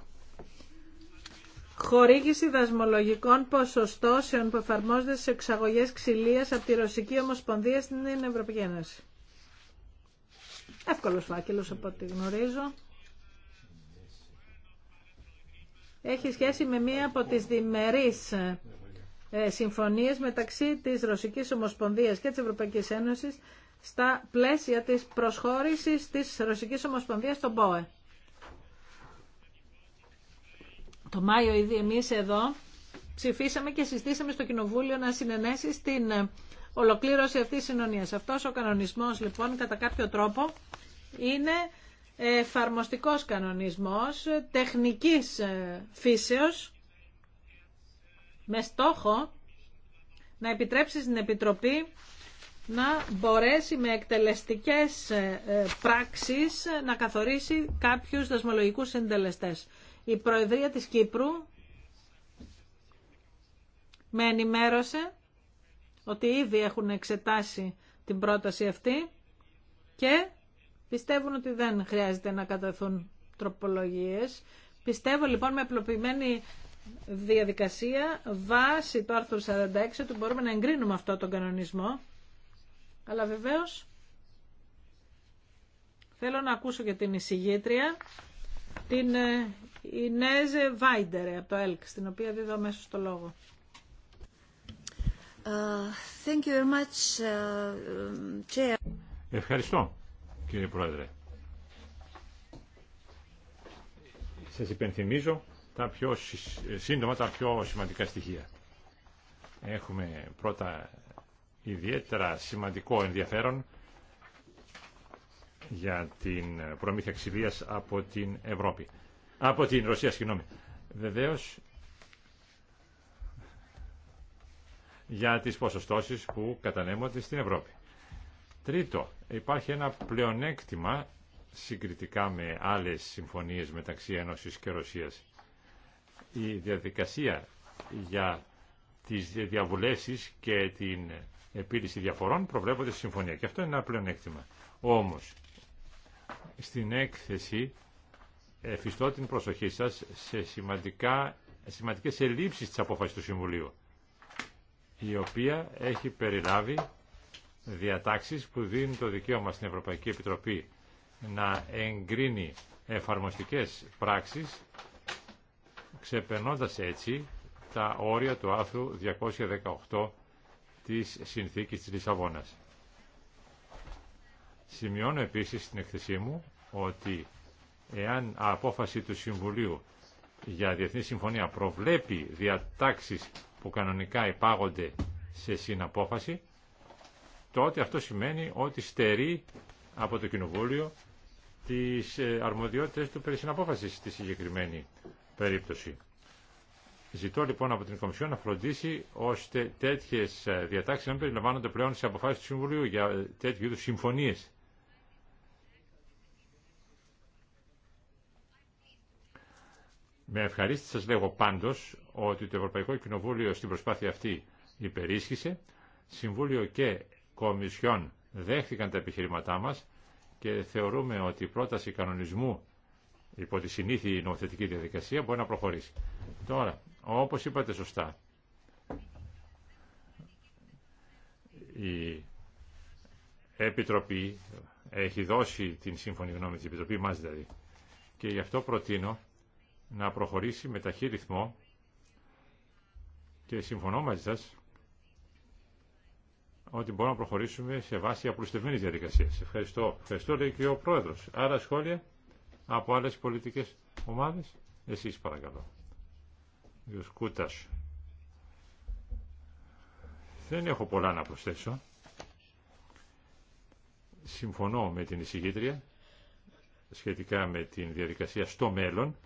Χορήγηση δασμολογικών ποσοστώσεων που εφαρμόζονται σε εξαγωγές ξυλίας από τη Ρωσική Ομοσπονδία στην Ευρωπαϊκή Ένωση. Εύκολος φάκελος από ό,τι γνωρίζω. Έχει σχέση με μία από τις διμερείς ε, συμφωνίες μεταξύ της Ρωσικής Ομοσπονδίας και της Ευρωπαϊκής Ένωσης στα πλαίσια της προσχώρησης της Ρωσικής Ομοσπονδίας στον ΠΟΕ. Το Μάιο ήδη εμείς εδώ ψηφίσαμε και συστήσαμε στο Κοινοβούλιο να συνενέσει στην ε, ολοκλήρωση αυτής της συνωνίας. Αυτός ο κανονισμός λοιπόν κατά κάποιο τρόπο είναι φαρμοστικός κανονισμός τεχνικής ε, φύσεως με στόχο να επιτρέψει στην Επιτροπή να μπορέσει με εκτελεστικές ε, ε, πράξεις να καθορίσει κάποιους δασμολογικούς συντελεστές. Η Προεδρία της Κύπρου με ενημέρωσε ότι ήδη έχουν εξετάσει την πρόταση αυτή και πιστεύουν ότι δεν χρειάζεται να καταθούν τροπολογίες. Πιστεύω λοιπόν με απλοποιημένη διαδικασία βάσει το άρθρο 46 ότι μπορούμε να εγκρίνουμε αυτό τον κανονισμό αλλά βεβαίως θέλω να ακούσω και την εισηγήτρια, την ε, Ινέζε Βάιντερε από το ΕΛΚ, στην οποία δίδω αμέσως το λόγο. Ε, thank you very much, ε, Chair. Ευχαριστώ, κύριε Πρόεδρε. Σας υπενθυμίζω τα πιο σύντομα, τα πιο σημαντικά στοιχεία. Έχουμε πρώτα ιδιαίτερα σημαντικό ενδιαφέρον για την προμήθεια ξυλίας από την Ευρώπη. Από την Ρωσία, συγγνώμη. Βεβαίως, για τις ποσοστώσεις που κατανέμονται στην Ευρώπη. Τρίτο, υπάρχει ένα πλεονέκτημα συγκριτικά με άλλες συμφωνίες μεταξύ Ένωσης και Ρωσίας. Η διαδικασία για τις διαβουλέσεις και την επίλυση διαφορών προβλέπονται στη συμφωνία. Και αυτό είναι ένα πλεονέκτημα. Όμως, στην έκθεση εφιστώ την προσοχή σας σε σημαντικά, σημαντικές ελλείψεις της απόφασης του Συμβουλίου, η οποία έχει περιλάβει διατάξεις που δίνουν το δικαίωμα στην Ευρωπαϊκή Επιτροπή να εγκρίνει εφαρμοστικές πράξεις, ξεπερνώντας έτσι τα όρια του άρθρου 218 της συνθήκης της Λισαβόνας. Σημειώνω επίσης στην εκθεσή μου ότι εάν απόφαση του Συμβουλίου για Διεθνή Συμφωνία προβλέπει διατάξεις που κανονικά υπάγονται σε συναπόφαση, τότε αυτό σημαίνει ότι στερεί από το Κοινοβούλιο τις ε, αρμοδιότητες του περί συναπόφασης στη συγκεκριμένη περίπτωση. Ζητώ λοιπόν από την Κομισιόν να φροντίσει ώστε τέτοιε διατάξει να μην περιλαμβάνονται πλέον σε αποφάσει του Συμβουλίου για τέτοιου είδου συμφωνίε. Με ευχαρίστηση σας λέγω πάντως ότι το Ευρωπαϊκό Κοινοβούλιο στην προσπάθεια αυτή υπερίσχυσε, Συμβούλιο και Κομισιόν δέχτηκαν τα επιχειρήματά μας και θεωρούμε ότι η πρόταση κανονισμού υπό τη συνήθεια νομοθετική διαδικασία μπορεί να προχωρήσει. Τώρα, όπως είπατε σωστά, η Επιτροπή έχει δώσει την σύμφωνη γνώμη της Επιτροπή μας δηλαδή και γι' αυτό προτείνω να προχωρήσει με ταχύ ρυθμό και συμφωνώ μαζί σας ότι μπορούμε να προχωρήσουμε σε βάση απλουστευμένης διαδικασίας. Ευχαριστώ. Ευχαριστώ λέει και ο Πρόεδρος. Άρα σχόλια από άλλες πολιτικές ομάδες. Εσείς παρακαλώ. Κούτας. Δεν έχω πολλά να προσθέσω. Συμφωνώ με την εισηγήτρια σχετικά με την διαδικασία στο μέλλον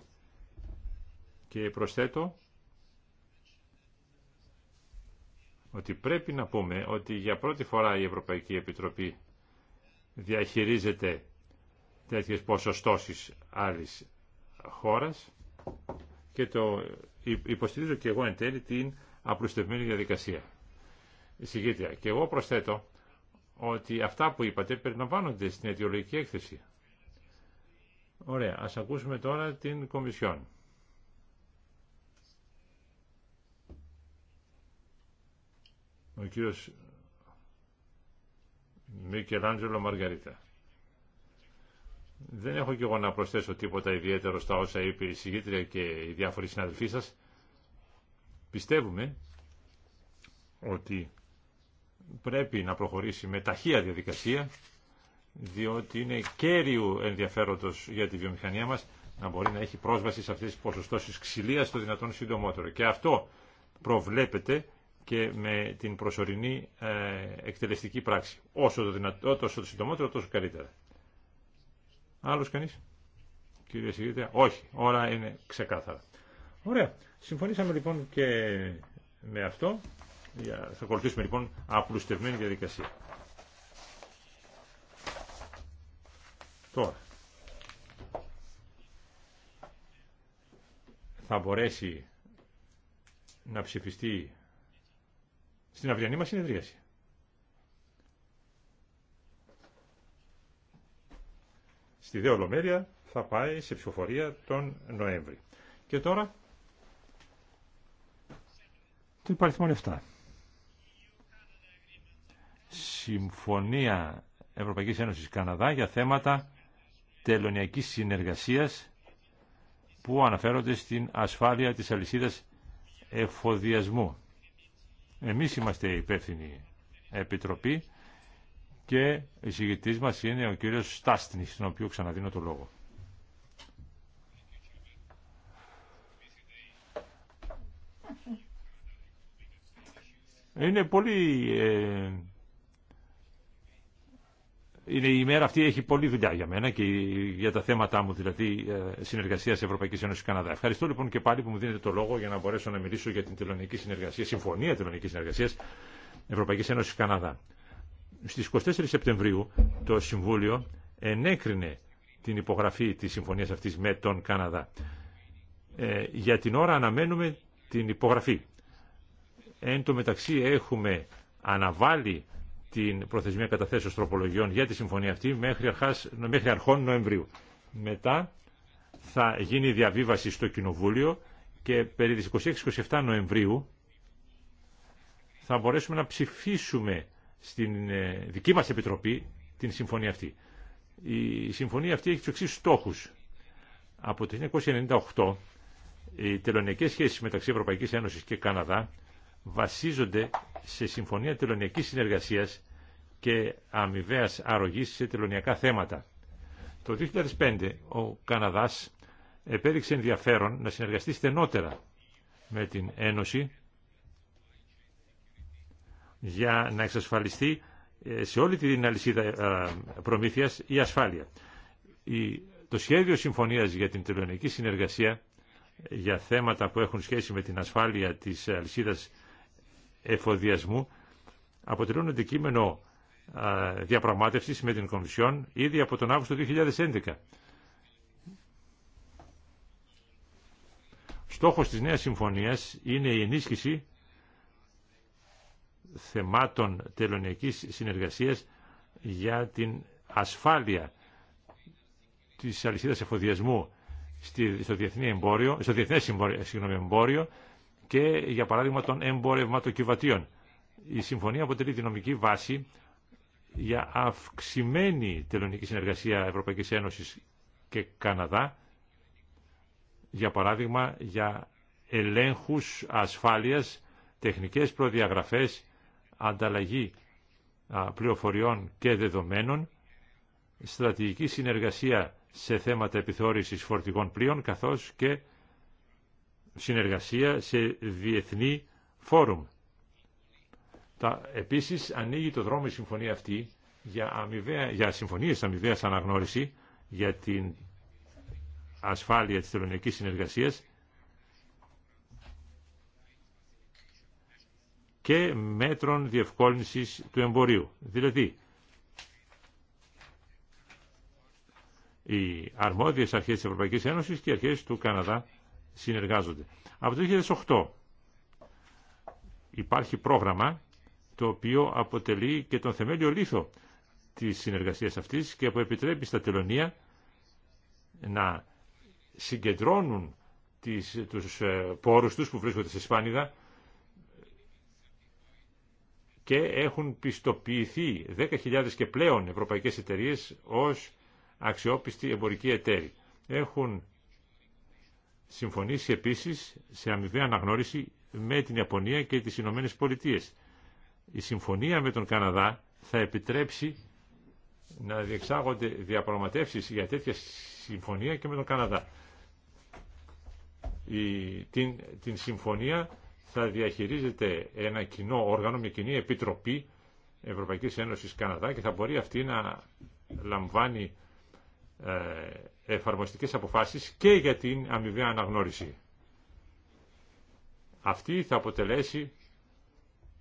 και προσθέτω ότι πρέπει να πούμε ότι για πρώτη φορά η Ευρωπαϊκή Επιτροπή διαχειρίζεται τέτοιες ποσοστώσεις άλλης χώρας και το υποστηρίζω και εγώ εν τέλει την απλουστευμένη διαδικασία. Συγγήτρια, και εγώ προσθέτω ότι αυτά που είπατε περιλαμβάνονται στην αιτιολογική έκθεση. Ωραία, ας ακούσουμε τώρα την Κομισιόν. Ο κύριος Μικελάντζελο Μαργαρίτα. Δεν έχω και εγώ να προσθέσω τίποτα ιδιαίτερο στα όσα είπε η συγγήτρια και οι διάφοροι συναδελφοί σας. Πιστεύουμε ότι πρέπει να προχωρήσει με ταχεία διαδικασία, διότι είναι κέριου ενδιαφέροντος για τη βιομηχανία μας να μπορεί να έχει πρόσβαση σε αυτές τις ποσοστώσεις ξυλίας το δυνατόν συντομότερο. Και αυτό προβλέπεται και με την προσωρινή ε, εκτελεστική πράξη. Όσο το, το συντομότερο, τόσο καλύτερα. Άλλο κανεί. Κύριε Σιγήτρια. Όχι. Όλα είναι ξεκάθαρα. Ωραία. Συμφωνήσαμε λοιπόν και με αυτό. Θα ακολουθήσουμε λοιπόν απλουστευμένη διαδικασία. Τώρα. Θα μπορέσει να ψηφιστεί στην αυριανή μας συνεδρίαση. Στη δε ολομέρεια θα πάει σε ψηφοφορία τον Νοέμβρη. Και τώρα το υπαριθμό 7. Συμφωνία Ευρωπαϊκής Ένωσης Καναδά για θέματα τελωνιακής συνεργασίας που αναφέρονται στην ασφάλεια της αλυσίδας εφοδιασμού. Εμείς είμαστε υπεύθυνοι επιτροπή και η συγητής μας είναι ο κύριο Στάστινη, στον οποίο ξαναδίνω το λόγο. Είναι πολύ... Ε, είναι η ημέρα αυτή έχει πολλή δουλειά για μένα και για τα θέματα μου, δηλαδή ε, συνεργασία Ευρωπαϊκή Ένωση Καναδά. Ευχαριστώ λοιπόν και πάλι που μου δίνετε το λόγο για να μπορέσω να μιλήσω για την τελωνική συνεργασία, συμφωνία τελωνική συνεργασία Ευρωπαϊκή Ένωση Καναδά. Στις 24 Σεπτεμβρίου το Συμβούλιο ενέκρινε την υπογραφή της συμφωνίας αυτής με τον Καναδά. Ε, για την ώρα αναμένουμε την υπογραφή. Εν τω μεταξύ έχουμε αναβάλει την προθεσμία καταθέσεως τροπολογιών για τη συμφωνία αυτή μέχρι, αρχάς, μέχρι αρχών Νοεμβρίου. Μετά θα γίνει διαβίβαση στο Κοινοβούλιο και περί τις 26-27 Νοεμβρίου θα μπορέσουμε να ψηφίσουμε στην ε, δική μας Επιτροπή την συμφωνία αυτή. Η συμφωνία αυτή έχει τους εξής στόχους. Από το 1998 οι τελωνιακές σχέσεις μεταξύ Ευρωπαϊκής Ένωσης και Καναδά βασίζονται σε συμφωνία τελωνιακής συνεργασίας και αμοιβαία αρρωγή σε τελωνιακά θέματα. Το 2005 ο Καναδάς επέδειξε ενδιαφέρον να συνεργαστεί στενότερα με την Ένωση για να εξασφαλιστεί ε, σε όλη την αλυσίδα ε, προμήθειας η ασφάλεια. Το σχέδιο συμφωνίας για την τελωνική συνεργασία ε, για θέματα που έχουν σχέση με την ασφάλεια της αλυσίδας εφοδιασμού αποτελούν αντικείμενο διαπραγμάτευσης με την Κομισιόν ήδη από τον Αύγουστο 2011. Στόχος της νέας συμφωνίας είναι η ενίσχυση θεμάτων τελωνιακής συνεργασίας για την ασφάλεια της αλυσίδας εφοδιασμού στο διεθνέ εμπόριο, στο διεθνές εμπόριο, και για παράδειγμα των εμπορευματοκιβατίων. Η συμφωνία αποτελεί τη νομική βάση για αυξημένη τελωνική συνεργασία Ευρωπαϊκής Ένωσης και Καναδά, για παράδειγμα για ελέγχους ασφάλειας, τεχνικές προδιαγραφές ανταλλαγή πληροφοριών και δεδομένων, στρατηγική συνεργασία σε θέματα επιθόρησης φορτηγών πλοίων, καθώς και συνεργασία σε διεθνή φόρουμ. Τα, επίσης ανοίγει το δρόμο η συμφωνία αυτή για, αμοιβαία, για συμφωνίες αμοιβαίας αναγνώριση για την ασφάλεια της τελωνιακής συνεργασίας και μέτρων διευκόλυνσης του εμπορίου. Δηλαδή, οι αρμόδιες αρχές της Ευρωπαϊκής Ένωσης και οι αρχές του Καναδά συνεργάζονται. Από το 2008 υπάρχει πρόγραμμα το οποίο αποτελεί και τον θεμέλιο λίθο της συνεργασίας αυτής και που επιτρέπει στα τελωνία να συγκεντρώνουν τις, τους ε, πόρους τους που βρίσκονται σε Σπάνιδα και έχουν πιστοποιηθεί 10.000 και πλέον ευρωπαϊκές εταιρείες ως αξιόπιστοι εμπορικοί εταίροι. Έχουν συμφωνήσει επίσης σε αμοιβή αναγνώριση με την Ιαπωνία και τις Ηνωμένες Πολιτείες. Η συμφωνία με τον Καναδά θα επιτρέψει να διεξάγονται διαπραγματεύσεις για τέτοια συμφωνία και με τον Καναδά. Η, την συμφωνία θα διαχειρίζεται ένα κοινό όργανο, μια κοινή επιτροπή Ευρωπαϊκής Ένωσης Καναδά και θα μπορεί αυτή να λαμβάνει ε, εφαρμοστικές αποφάσεις και για την αμοιβαία αναγνώριση. Αυτή θα αποτελέσει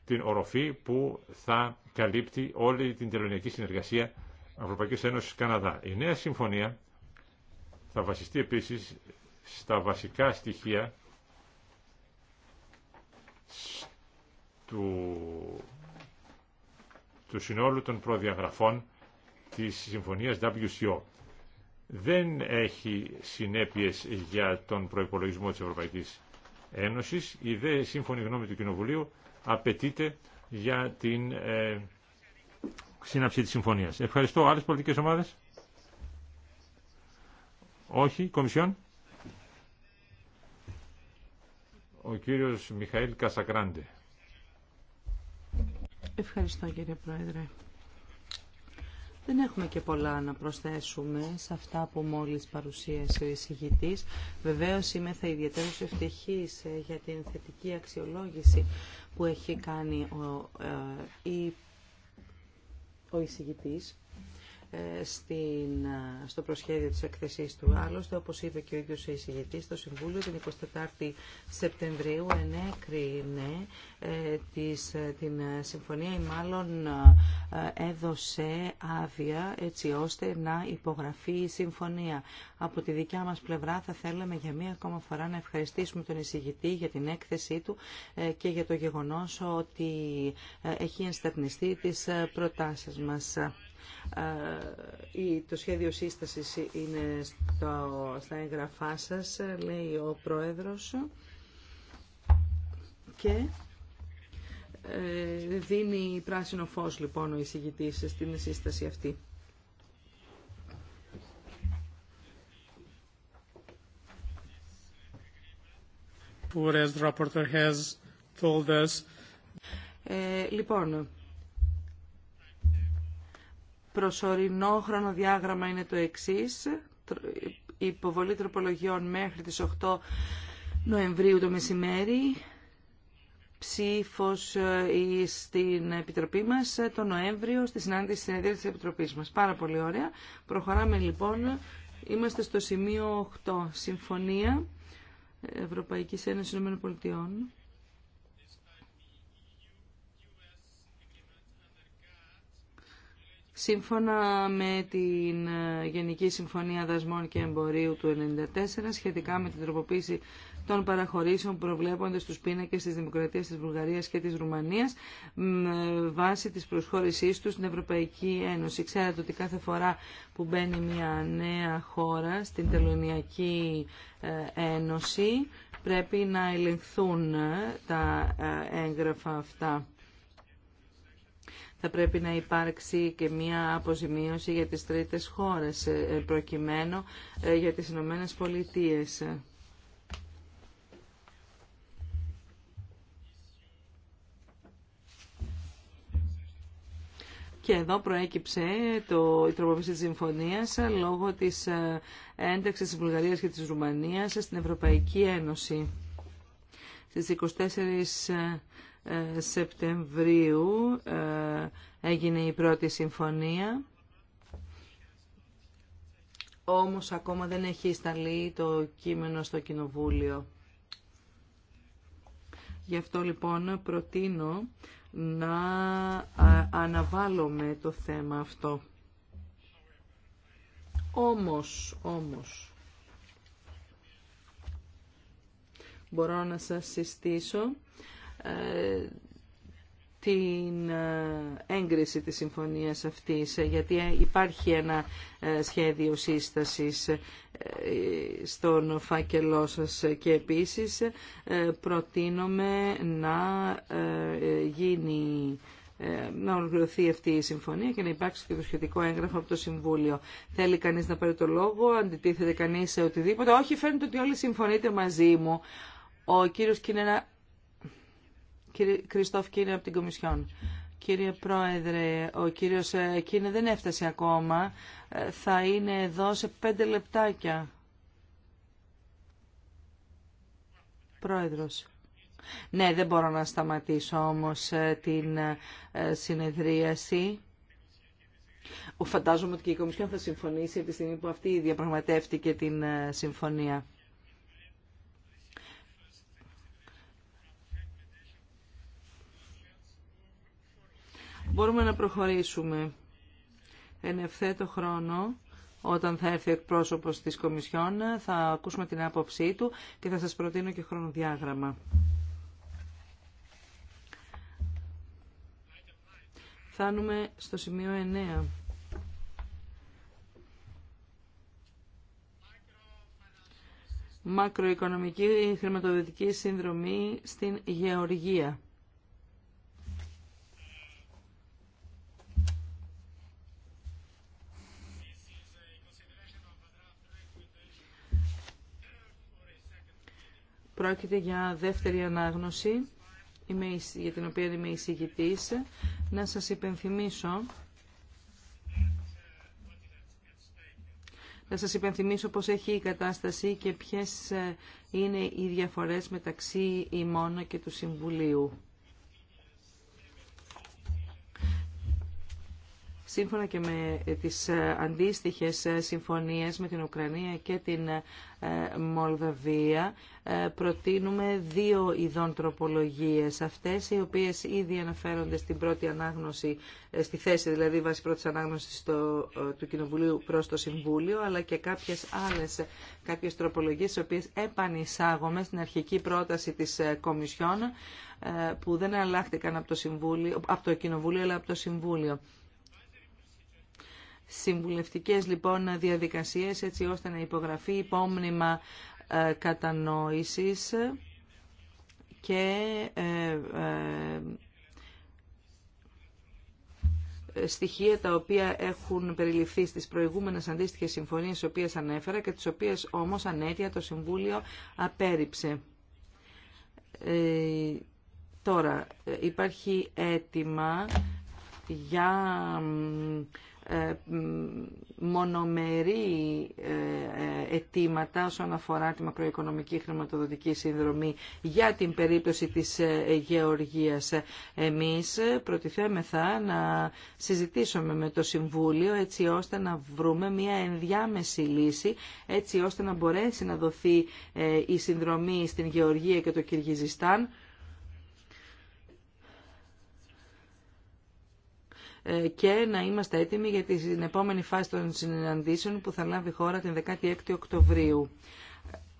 την οροφή που θα καλύπτει όλη την τελωνιακή συνεργασία Ευρωπαϊκής Ένωσης Καναδά. Η νέα συμφωνία θα βασιστεί επίσης στα βασικά στοιχεία του, συνόλου των προδιαγραφών της συμφωνίας WCO. Δεν έχει συνέπειες για τον προϋπολογισμό της Ευρωπαϊκής Ένωσης. Η δε σύμφωνη γνώμη του Κοινοβουλίου απαιτείται για την ε, σύναψη της συμφωνίας. Ευχαριστώ. Άλλες πολιτικές ομάδες? Όχι. Κομισιόν? ο κύριος Μιχαήλ Κασακράντε. Ευχαριστώ κύριε Πρόεδρε. Δεν έχουμε και πολλά να προσθέσουμε σε αυτά που μόλις παρουσίασε ο εισηγητής. Βεβαίως είμαι θα ιδιαίτερως ευτυχής ε, για την θετική αξιολόγηση που έχει κάνει ο, ε, η, ο εισηγητής στην, στο προσχέδιο της εκθεσής του. Άλλωστε, όπως είπε και ο ίδιος ο εισηγητής, το Συμβούλιο την 24η Σεπτεμβρίου ενέκρινε ε, της, ε, την συμφωνία ή μάλλον ε, έδωσε άδεια έτσι ώστε να υπογραφεί η συμφωνία. Από μας πλευρά θα θέλαμε για μία ακόμα φορά να ευχαριστήσουμε τον εισηγητή για την έκθεσή του ε, και για το γεγονός ότι ε, έχει ενστερνιστεί τις προτάσεις μας. Ε, το σχέδιο σύστασης είναι στο, στα έγγραφά σας, λέει ο Πρόεδρος. Και ε, δίνει πράσινο φως λοιπόν ο εισηγητής στην σύσταση αυτή. told ε, λοιπόν, προσωρινό χρονοδιάγραμμα είναι το εξής. υποβολή τροπολογιών μέχρι τις 8 Νοεμβρίου το μεσημέρι. Ψήφος ε, στην Επιτροπή μας ε, το Νοέμβριο στη συνάντηση συνεδρία της Επιτροπής μας. Πάρα πολύ ωραία. Προχωράμε λοιπόν. Είμαστε στο σημείο 8. Συμφωνία Ευρωπαϊκής Ένωσης Ηνωμένων Πολιτειών σύμφωνα με την ε, Γενική Συμφωνία Δασμών και Εμπορίου του 1994 σχετικά με την τροποποίηση των παραχωρήσεων που προβλέπονται στους πίνακες της Δημοκρατία της Βουλγαρίας και της Ρουμανίας βάσει της προσχώρησής τους στην Ευρωπαϊκή Ένωση. Ξέρετε ότι κάθε φορά που μπαίνει μια νέα χώρα στην Τελωνιακή ε, Ένωση πρέπει να ελεγχθούν ε, τα έγγραφα αυτά θα πρέπει να υπάρξει και μία αποζημίωση για τις τρίτες χώρες, ε, ε, προκειμένου ε, για τις Ηνωμένε Πολιτείες. Και εδώ προέκυψε το, η τροποποίηση της συμφωνίας λόγω της ένταξης της Βουλγαρίας και της Ρουμανίας στην Ευρωπαϊκή Ένωση. Στις 24 Σεπτεμβρίου ε, έγινε η πρώτη συμφωνία. Όμως ακόμα δεν έχει σταλεί το κείμενο στο Κοινοβούλιο. Γι' αυτό λοιπόν προτείνω να ε, αναβάλουμε το θέμα αυτό. Όμως, όμως, μπορώ να σας συστήσω την ε, έγκριση της συμφωνίας αυτής, ε, γιατί ε, υπάρχει ένα σχέδιο σύστασης στον φάκελό σας και επίσης προτείνομαι να γίνει να ολοκληρωθεί αυτή η συμφωνία και να υπάρξει και το σχετικό έγγραφο από το Συμβούλιο. Θέλει κανεί να πάρει το λόγο, αντιτίθεται κανεί σε οτιδήποτε. Όχι, φαίνεται ότι όλοι συμφωνείτε μαζί μου. Ο κύριος Κίνερα Κύριε Κριστόφ κύριε από την Κομισιόν. Κύριε Πρόεδρε, ο κύριος ε, Κίνε δεν έφτασε ακόμα. Ε, θα είναι εδώ σε πέντε λεπτάκια. Πρόεδρος. Ναι, δεν μπορώ να σταματήσω όμως ε, την συνεδρίαση. Φαντάζομαι ότι και η Κομισιόν θα συμφωνήσει από τη στιγμή που αυτή διαπραγματεύτηκε την συμφωνία. μπορούμε να προχωρήσουμε εν ευθέτω χρόνο όταν θα έρθει ο εκπρόσωπος της Κομισιόν θα ακούσουμε την άποψή του και θα σας προτείνω και χρονοδιάγραμμα. Φτάνουμε στο σημείο 9. Μακροοικονομική χρηματοδοτική συνδρομή στην γεωργία. πρόκειται για δεύτερη ανάγνωση για την οποία είμαι εισηγητής. Να σας υπενθυμίσω Να σας υπενθυμίσω πώς έχει η κατάσταση και ποιες ε, είναι οι διαφορές μεταξύ ημών και του Συμβουλίου. σύμφωνα και με τις ε, αντίστοιχες ε, συμφωνίες με την Ουκρανία και την ε, Μολδαβία, προτείνουμε δύο ειδών τροπολογίες. Αυτές οι οποίες ήδη αναφέρονται στην πρώτη ανάγνωση, στη θέση δηλαδή βάση πρώτης ανάγνωσης στο, του Κοινοβουλίου προς το Συμβούλιο, αλλά και κάποιες άλλες κάποιες τροπολογίες, οι οποίες επανεισάγουμε στην αρχική πρόταση της Κομισιόν, που δεν αλλάχτηκαν από το, από το Κοινοβούλιο, αλλά από το Συμβούλιο συμβουλευτικές λοιπόν διαδικασίες έτσι ώστε να υπογραφεί υπόμνημα ε, κατανόησης και ε, ε, στοιχεία τα οποία έχουν περιληφθεί στις προηγούμενες αντίστοιχες συμφωνίες τις οποίες ανέφερα και τις οποίες όμως ανέτεια το Συμβούλιο απέρριψε. τώρα υπάρχει αίτημα για ε, μονομερή ε, ε, αιτήματα όσον αφορά τη μακροοικονομική χρηματοδοτική συνδρομή για την περίπτωση της γεωργίας. Εμείς προτιθέμεθα να συζητήσουμε με το Συμβούλιο έτσι ώστε να βρούμε μια ενδιάμεση λύση έτσι ώστε να μπορέσει να δοθεί η συνδρομή στην Γεωργία και το Κυργιζιστάν Ε, και να είμαστε έτοιμοι για την επόμενη φάση των συναντήσεων που θα λάβει η χώρα την 16 Οκτωβρίου.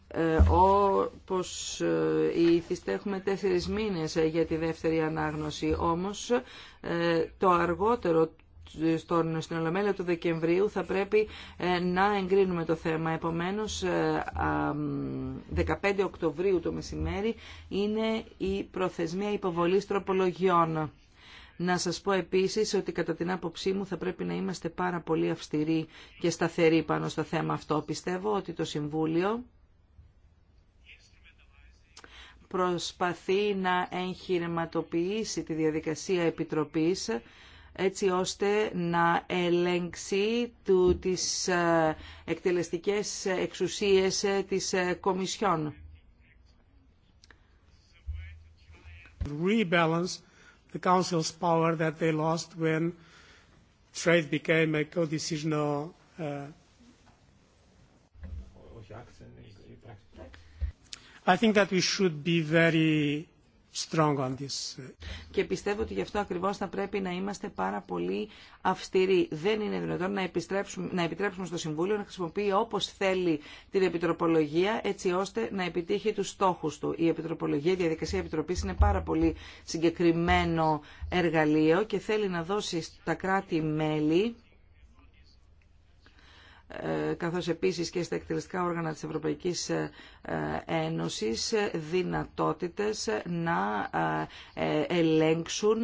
Ε, όπως ε, ήθιστε έχουμε τέσσερις μήνες ε, για τη δεύτερη ανάγνωση, όμως το αργότερο στον, στην Ολομέλεια του Δεκεμβρίου θα πρέπει να εγκρίνουμε το θέμα. Επομένως, 15 Οκτωβρίου το μεσημέρι είναι η προθεσμία υποβολής τροπολογιών. Να σας πω επίσης ότι κατά την άποψή μου θα πρέπει να είμαστε πάρα πολύ αυστηροί και σταθεροί πάνω στο θέμα αυτό. Πιστεύω ότι το Συμβούλιο προσπαθεί να εγχειρηματοποιήσει τη διαδικασία επιτροπής έτσι ώστε να ελέγξει του, τις ε, εκτελεστικές εξουσίες ε, της ε, Κομισιόν the Council's power that they lost when trade became a co-decisional. I think that we should be very strong on this. Και πιστεύω ότι γι' αυτό ακριβώς θα πρέπει να είμαστε πάρα πολύ αυστηροί. Δεν είναι δυνατόν να, να επιτρέψουμε στο Συμβούλιο να χρησιμοποιεί όπως θέλει την επιτροπολογία έτσι ώστε να επιτύχει τους στόχους του. Η επιτροπολογία, η διαδικασία επιτροπής είναι πάρα πολύ συγκεκριμένο εργαλείο και θέλει να δώσει στα κράτη-μέλη καθώς επίσης και στα εκτελεστικά όργανα της Ευρωπαϊκής ε, ε, Ένωσης δυνατότητες να ε, ελέγξουν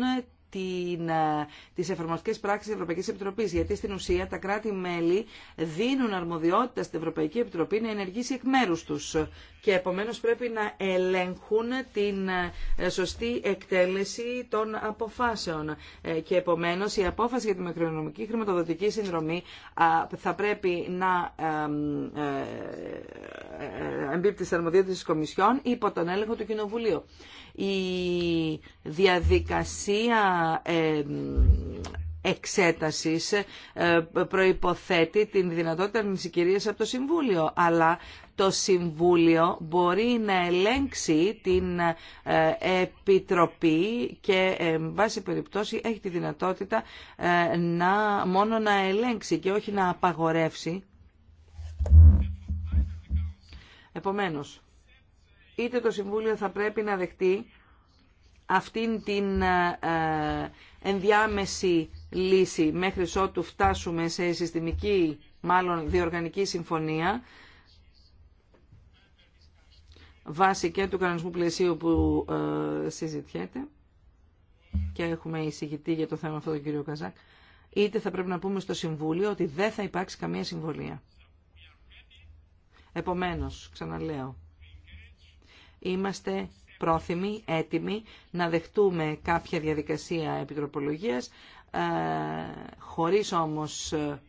την, ε, τις εφαρμοστικές πράξεις της Ευρωπαϊκής Επιτροπής, γιατί στην ουσία τα κράτη-μέλη δίνουν αρμοδιότητα στην Ευρωπαϊκή Επιτροπή να ενεργήσει εκ μέρους τους και επομένως πρέπει να ελέγχουν την ε, σωστή εκτέλεση των αποφάσεων. Ε, και επομένως η απόφαση για τη μακροοικονομική χρηματοδοτική συνδρομή θα πρέπει να εμπίπτει στις αρμοδιότητες της Κομισιόν υπό τον έλεγχο του Κοινοβουλίου η διαδικασία εξέτασης ε, προϋποθέτει την δυνατότητα αρνησικηρίας από το Συμβούλιο, αλλά το Συμβούλιο μπορεί να ελέγξει την ε, Επιτροπή και, εν βάση περιπτώσει, έχει τη δυνατότητα ε, να, μόνο να ελέγξει και όχι να απαγορεύσει. Επομένως, είτε το Συμβούλιο θα πρέπει να δεχτεί αυτήν την ε, ε, ενδιάμεση λύση μέχρι ότου φτάσουμε σε συστημική, μάλλον διοργανική συμφωνία, βάσει και του κανονισμού πλαισίου που ε, συζητιέται και έχουμε εισηγητή για το θέμα αυτό τον κύριο Καζάκ, είτε θα πρέπει να πούμε στο Συμβούλιο ότι δεν θα υπάρξει καμία συμβολία. Επομένως, ξαναλέω, είμαστε πρόθυμοι, έτοιμοι να δεχτούμε κάποια διαδικασία επιτροπολογίας, ε, χωρίς όμως ε,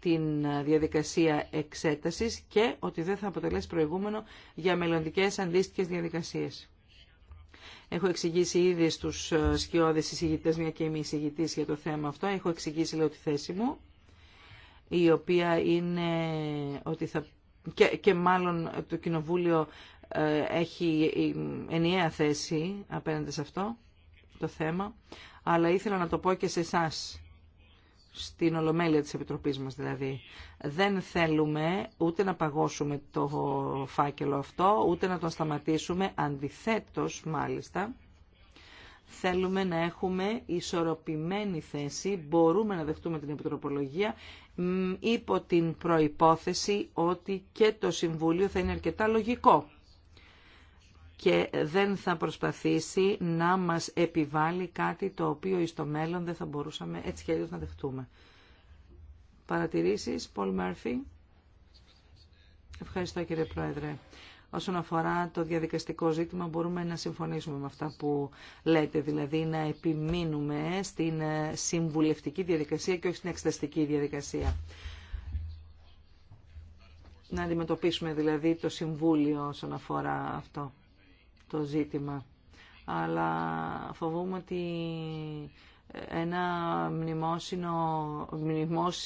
την διαδικασία εξέτασης και ότι δεν θα αποτελέσει προηγούμενο για μελλοντικές αντίστοιχες διαδικασίες. Έχω εξηγήσει ήδη στους ε, σκιώδες εισηγητές, μια και είμαι εισηγητής για το θέμα αυτό, έχω εξηγήσει λέω τη θέση μου, η οποία είναι ότι θα και, και μάλλον το Κοινοβούλιο ε, έχει ενιαία θέση απέναντι σε αυτό το θέμα, αλλά ήθελα να το πω και σε εσά στην ολομέλεια της Επιτροπής μας δηλαδή. Δεν θέλουμε ούτε να παγώσουμε το φάκελο αυτό, ούτε να τον σταματήσουμε, αντιθέτως μάλιστα. Θέλουμε να έχουμε ισορροπημένη θέση, μπορούμε να δεχτούμε την Επιτροπολογία υπό την προϋπόθεση ότι και το Συμβούλιο θα είναι αρκετά λογικό και δεν θα προσπαθήσει να μας επιβάλλει κάτι το οποίο εις το μέλλον δεν θα μπορούσαμε έτσι και να δεχτούμε. Παρατηρήσεις, Πολ Μέρφυ. Ευχαριστώ κύριε Πρόεδρε. Όσον αφορά το διαδικαστικό ζήτημα μπορούμε να συμφωνήσουμε με αυτά που λέτε, δηλαδή να επιμείνουμε στην ε, συμβουλευτική διαδικασία και όχι στην εξεταστική διαδικασία. Να αντιμετωπίσουμε δηλαδή το Συμβούλιο όσον αφορά αυτό το ζήτημα. Αλλά φοβούμαι ότι ένα μνημόσυνο, μνημός,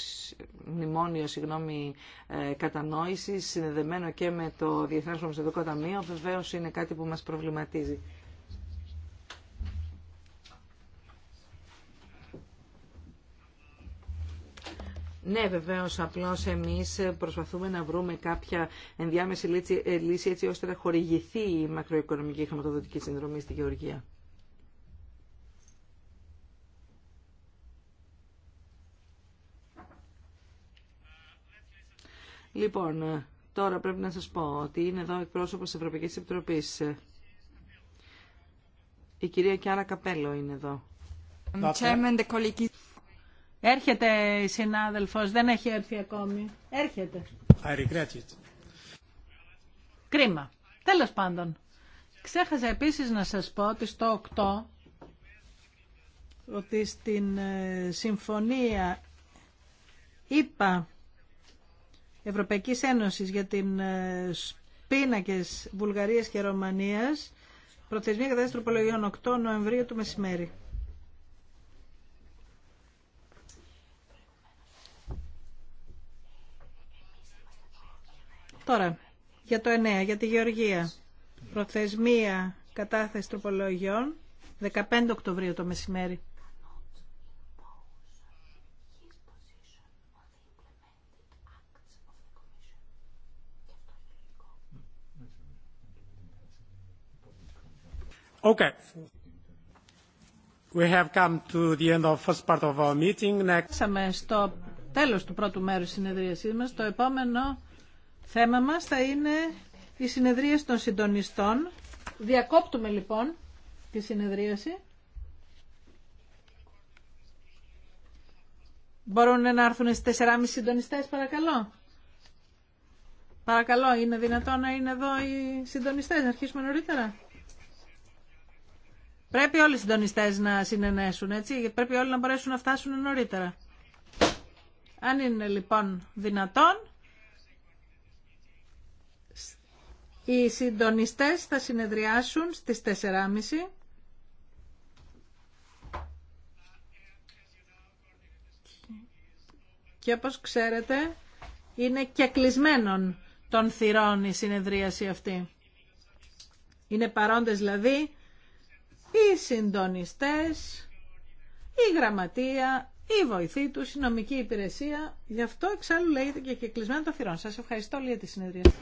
μνημόνιο συγγνώμη, ε, κατανόησης συνδεδεμένο και με το Διεθνές Νομισματικό Ταμείο βεβαίως είναι κάτι που μας προβληματίζει. Ναι, βεβαίω. Απλώ εμεί προσπαθούμε να βρούμε κάποια ενδιάμεση ε, λύση έτσι ώστε να χορηγηθεί η μακροοικονομική χρηματοδοτική συνδρομή στη Γεωργία. Λοιπόν, ε, τώρα πρέπει να σας πω ότι είναι εδώ εκπρόσωπος της Ευρωπαϊκής Επιτροπής. Ε, η κυρία Κιάρα Καπέλο είναι εδώ. Έρχεται η συνάδελφος, δεν έχει έρθει ακόμη. Έρχεται. I regret it. Κρίμα. Τέλος πάντων. Ξέχασα επίσης να σας πω ότι στο 8 ότι στην ε, συμφωνία είπα Ευρωπαϊκής Ένωσης για την ε, πίνακες Βουλγαρίας και Ρωμανίας προθεσμία κατάσταση τροπολογιών 8 Νοεμβρίου του μεσημέρι. Τώρα, για το 9, για τη Γεωργία. Προθεσμία κατάθεση τροπολογιών 15 Οκτωβρίου το μεσημέρι. Okay. We have come to the end of first part of our meeting. Next. στο τέλος του πρώτου μέρους συνεδρίασής μας. Το επόμενο θέμα μας θα είναι οι συνεδρίες των συντονιστών. Διακόπτουμε λοιπόν τη συνεδρίαση. Μπορούν να έρθουν στις 4,5 συντονιστές παρακαλώ. Παρακαλώ, είναι δυνατόν να είναι εδώ οι συντονιστές, να αρχίσουμε νωρίτερα. Πρέπει όλοι οι συντονιστές να συνενέσουν, έτσι, γιατί πρέπει όλοι να μπορέσουν να φτάσουν νωρίτερα. Αν είναι λοιπόν δυνατόν, Οι συντονιστές θα συνεδριάσουν στις 4.30. Και όπως ξέρετε είναι και κλεισμένων των θυρών η συνεδρίαση αυτή. Είναι παρόντες δηλαδή οι συντονιστές, η γραμματεία, η βοηθή του, η νομική υπηρεσία. Γι' αυτό εξάλλου λέγεται και κλεισμένο των θυρών. Σας ευχαριστώ για τη συνεδρία.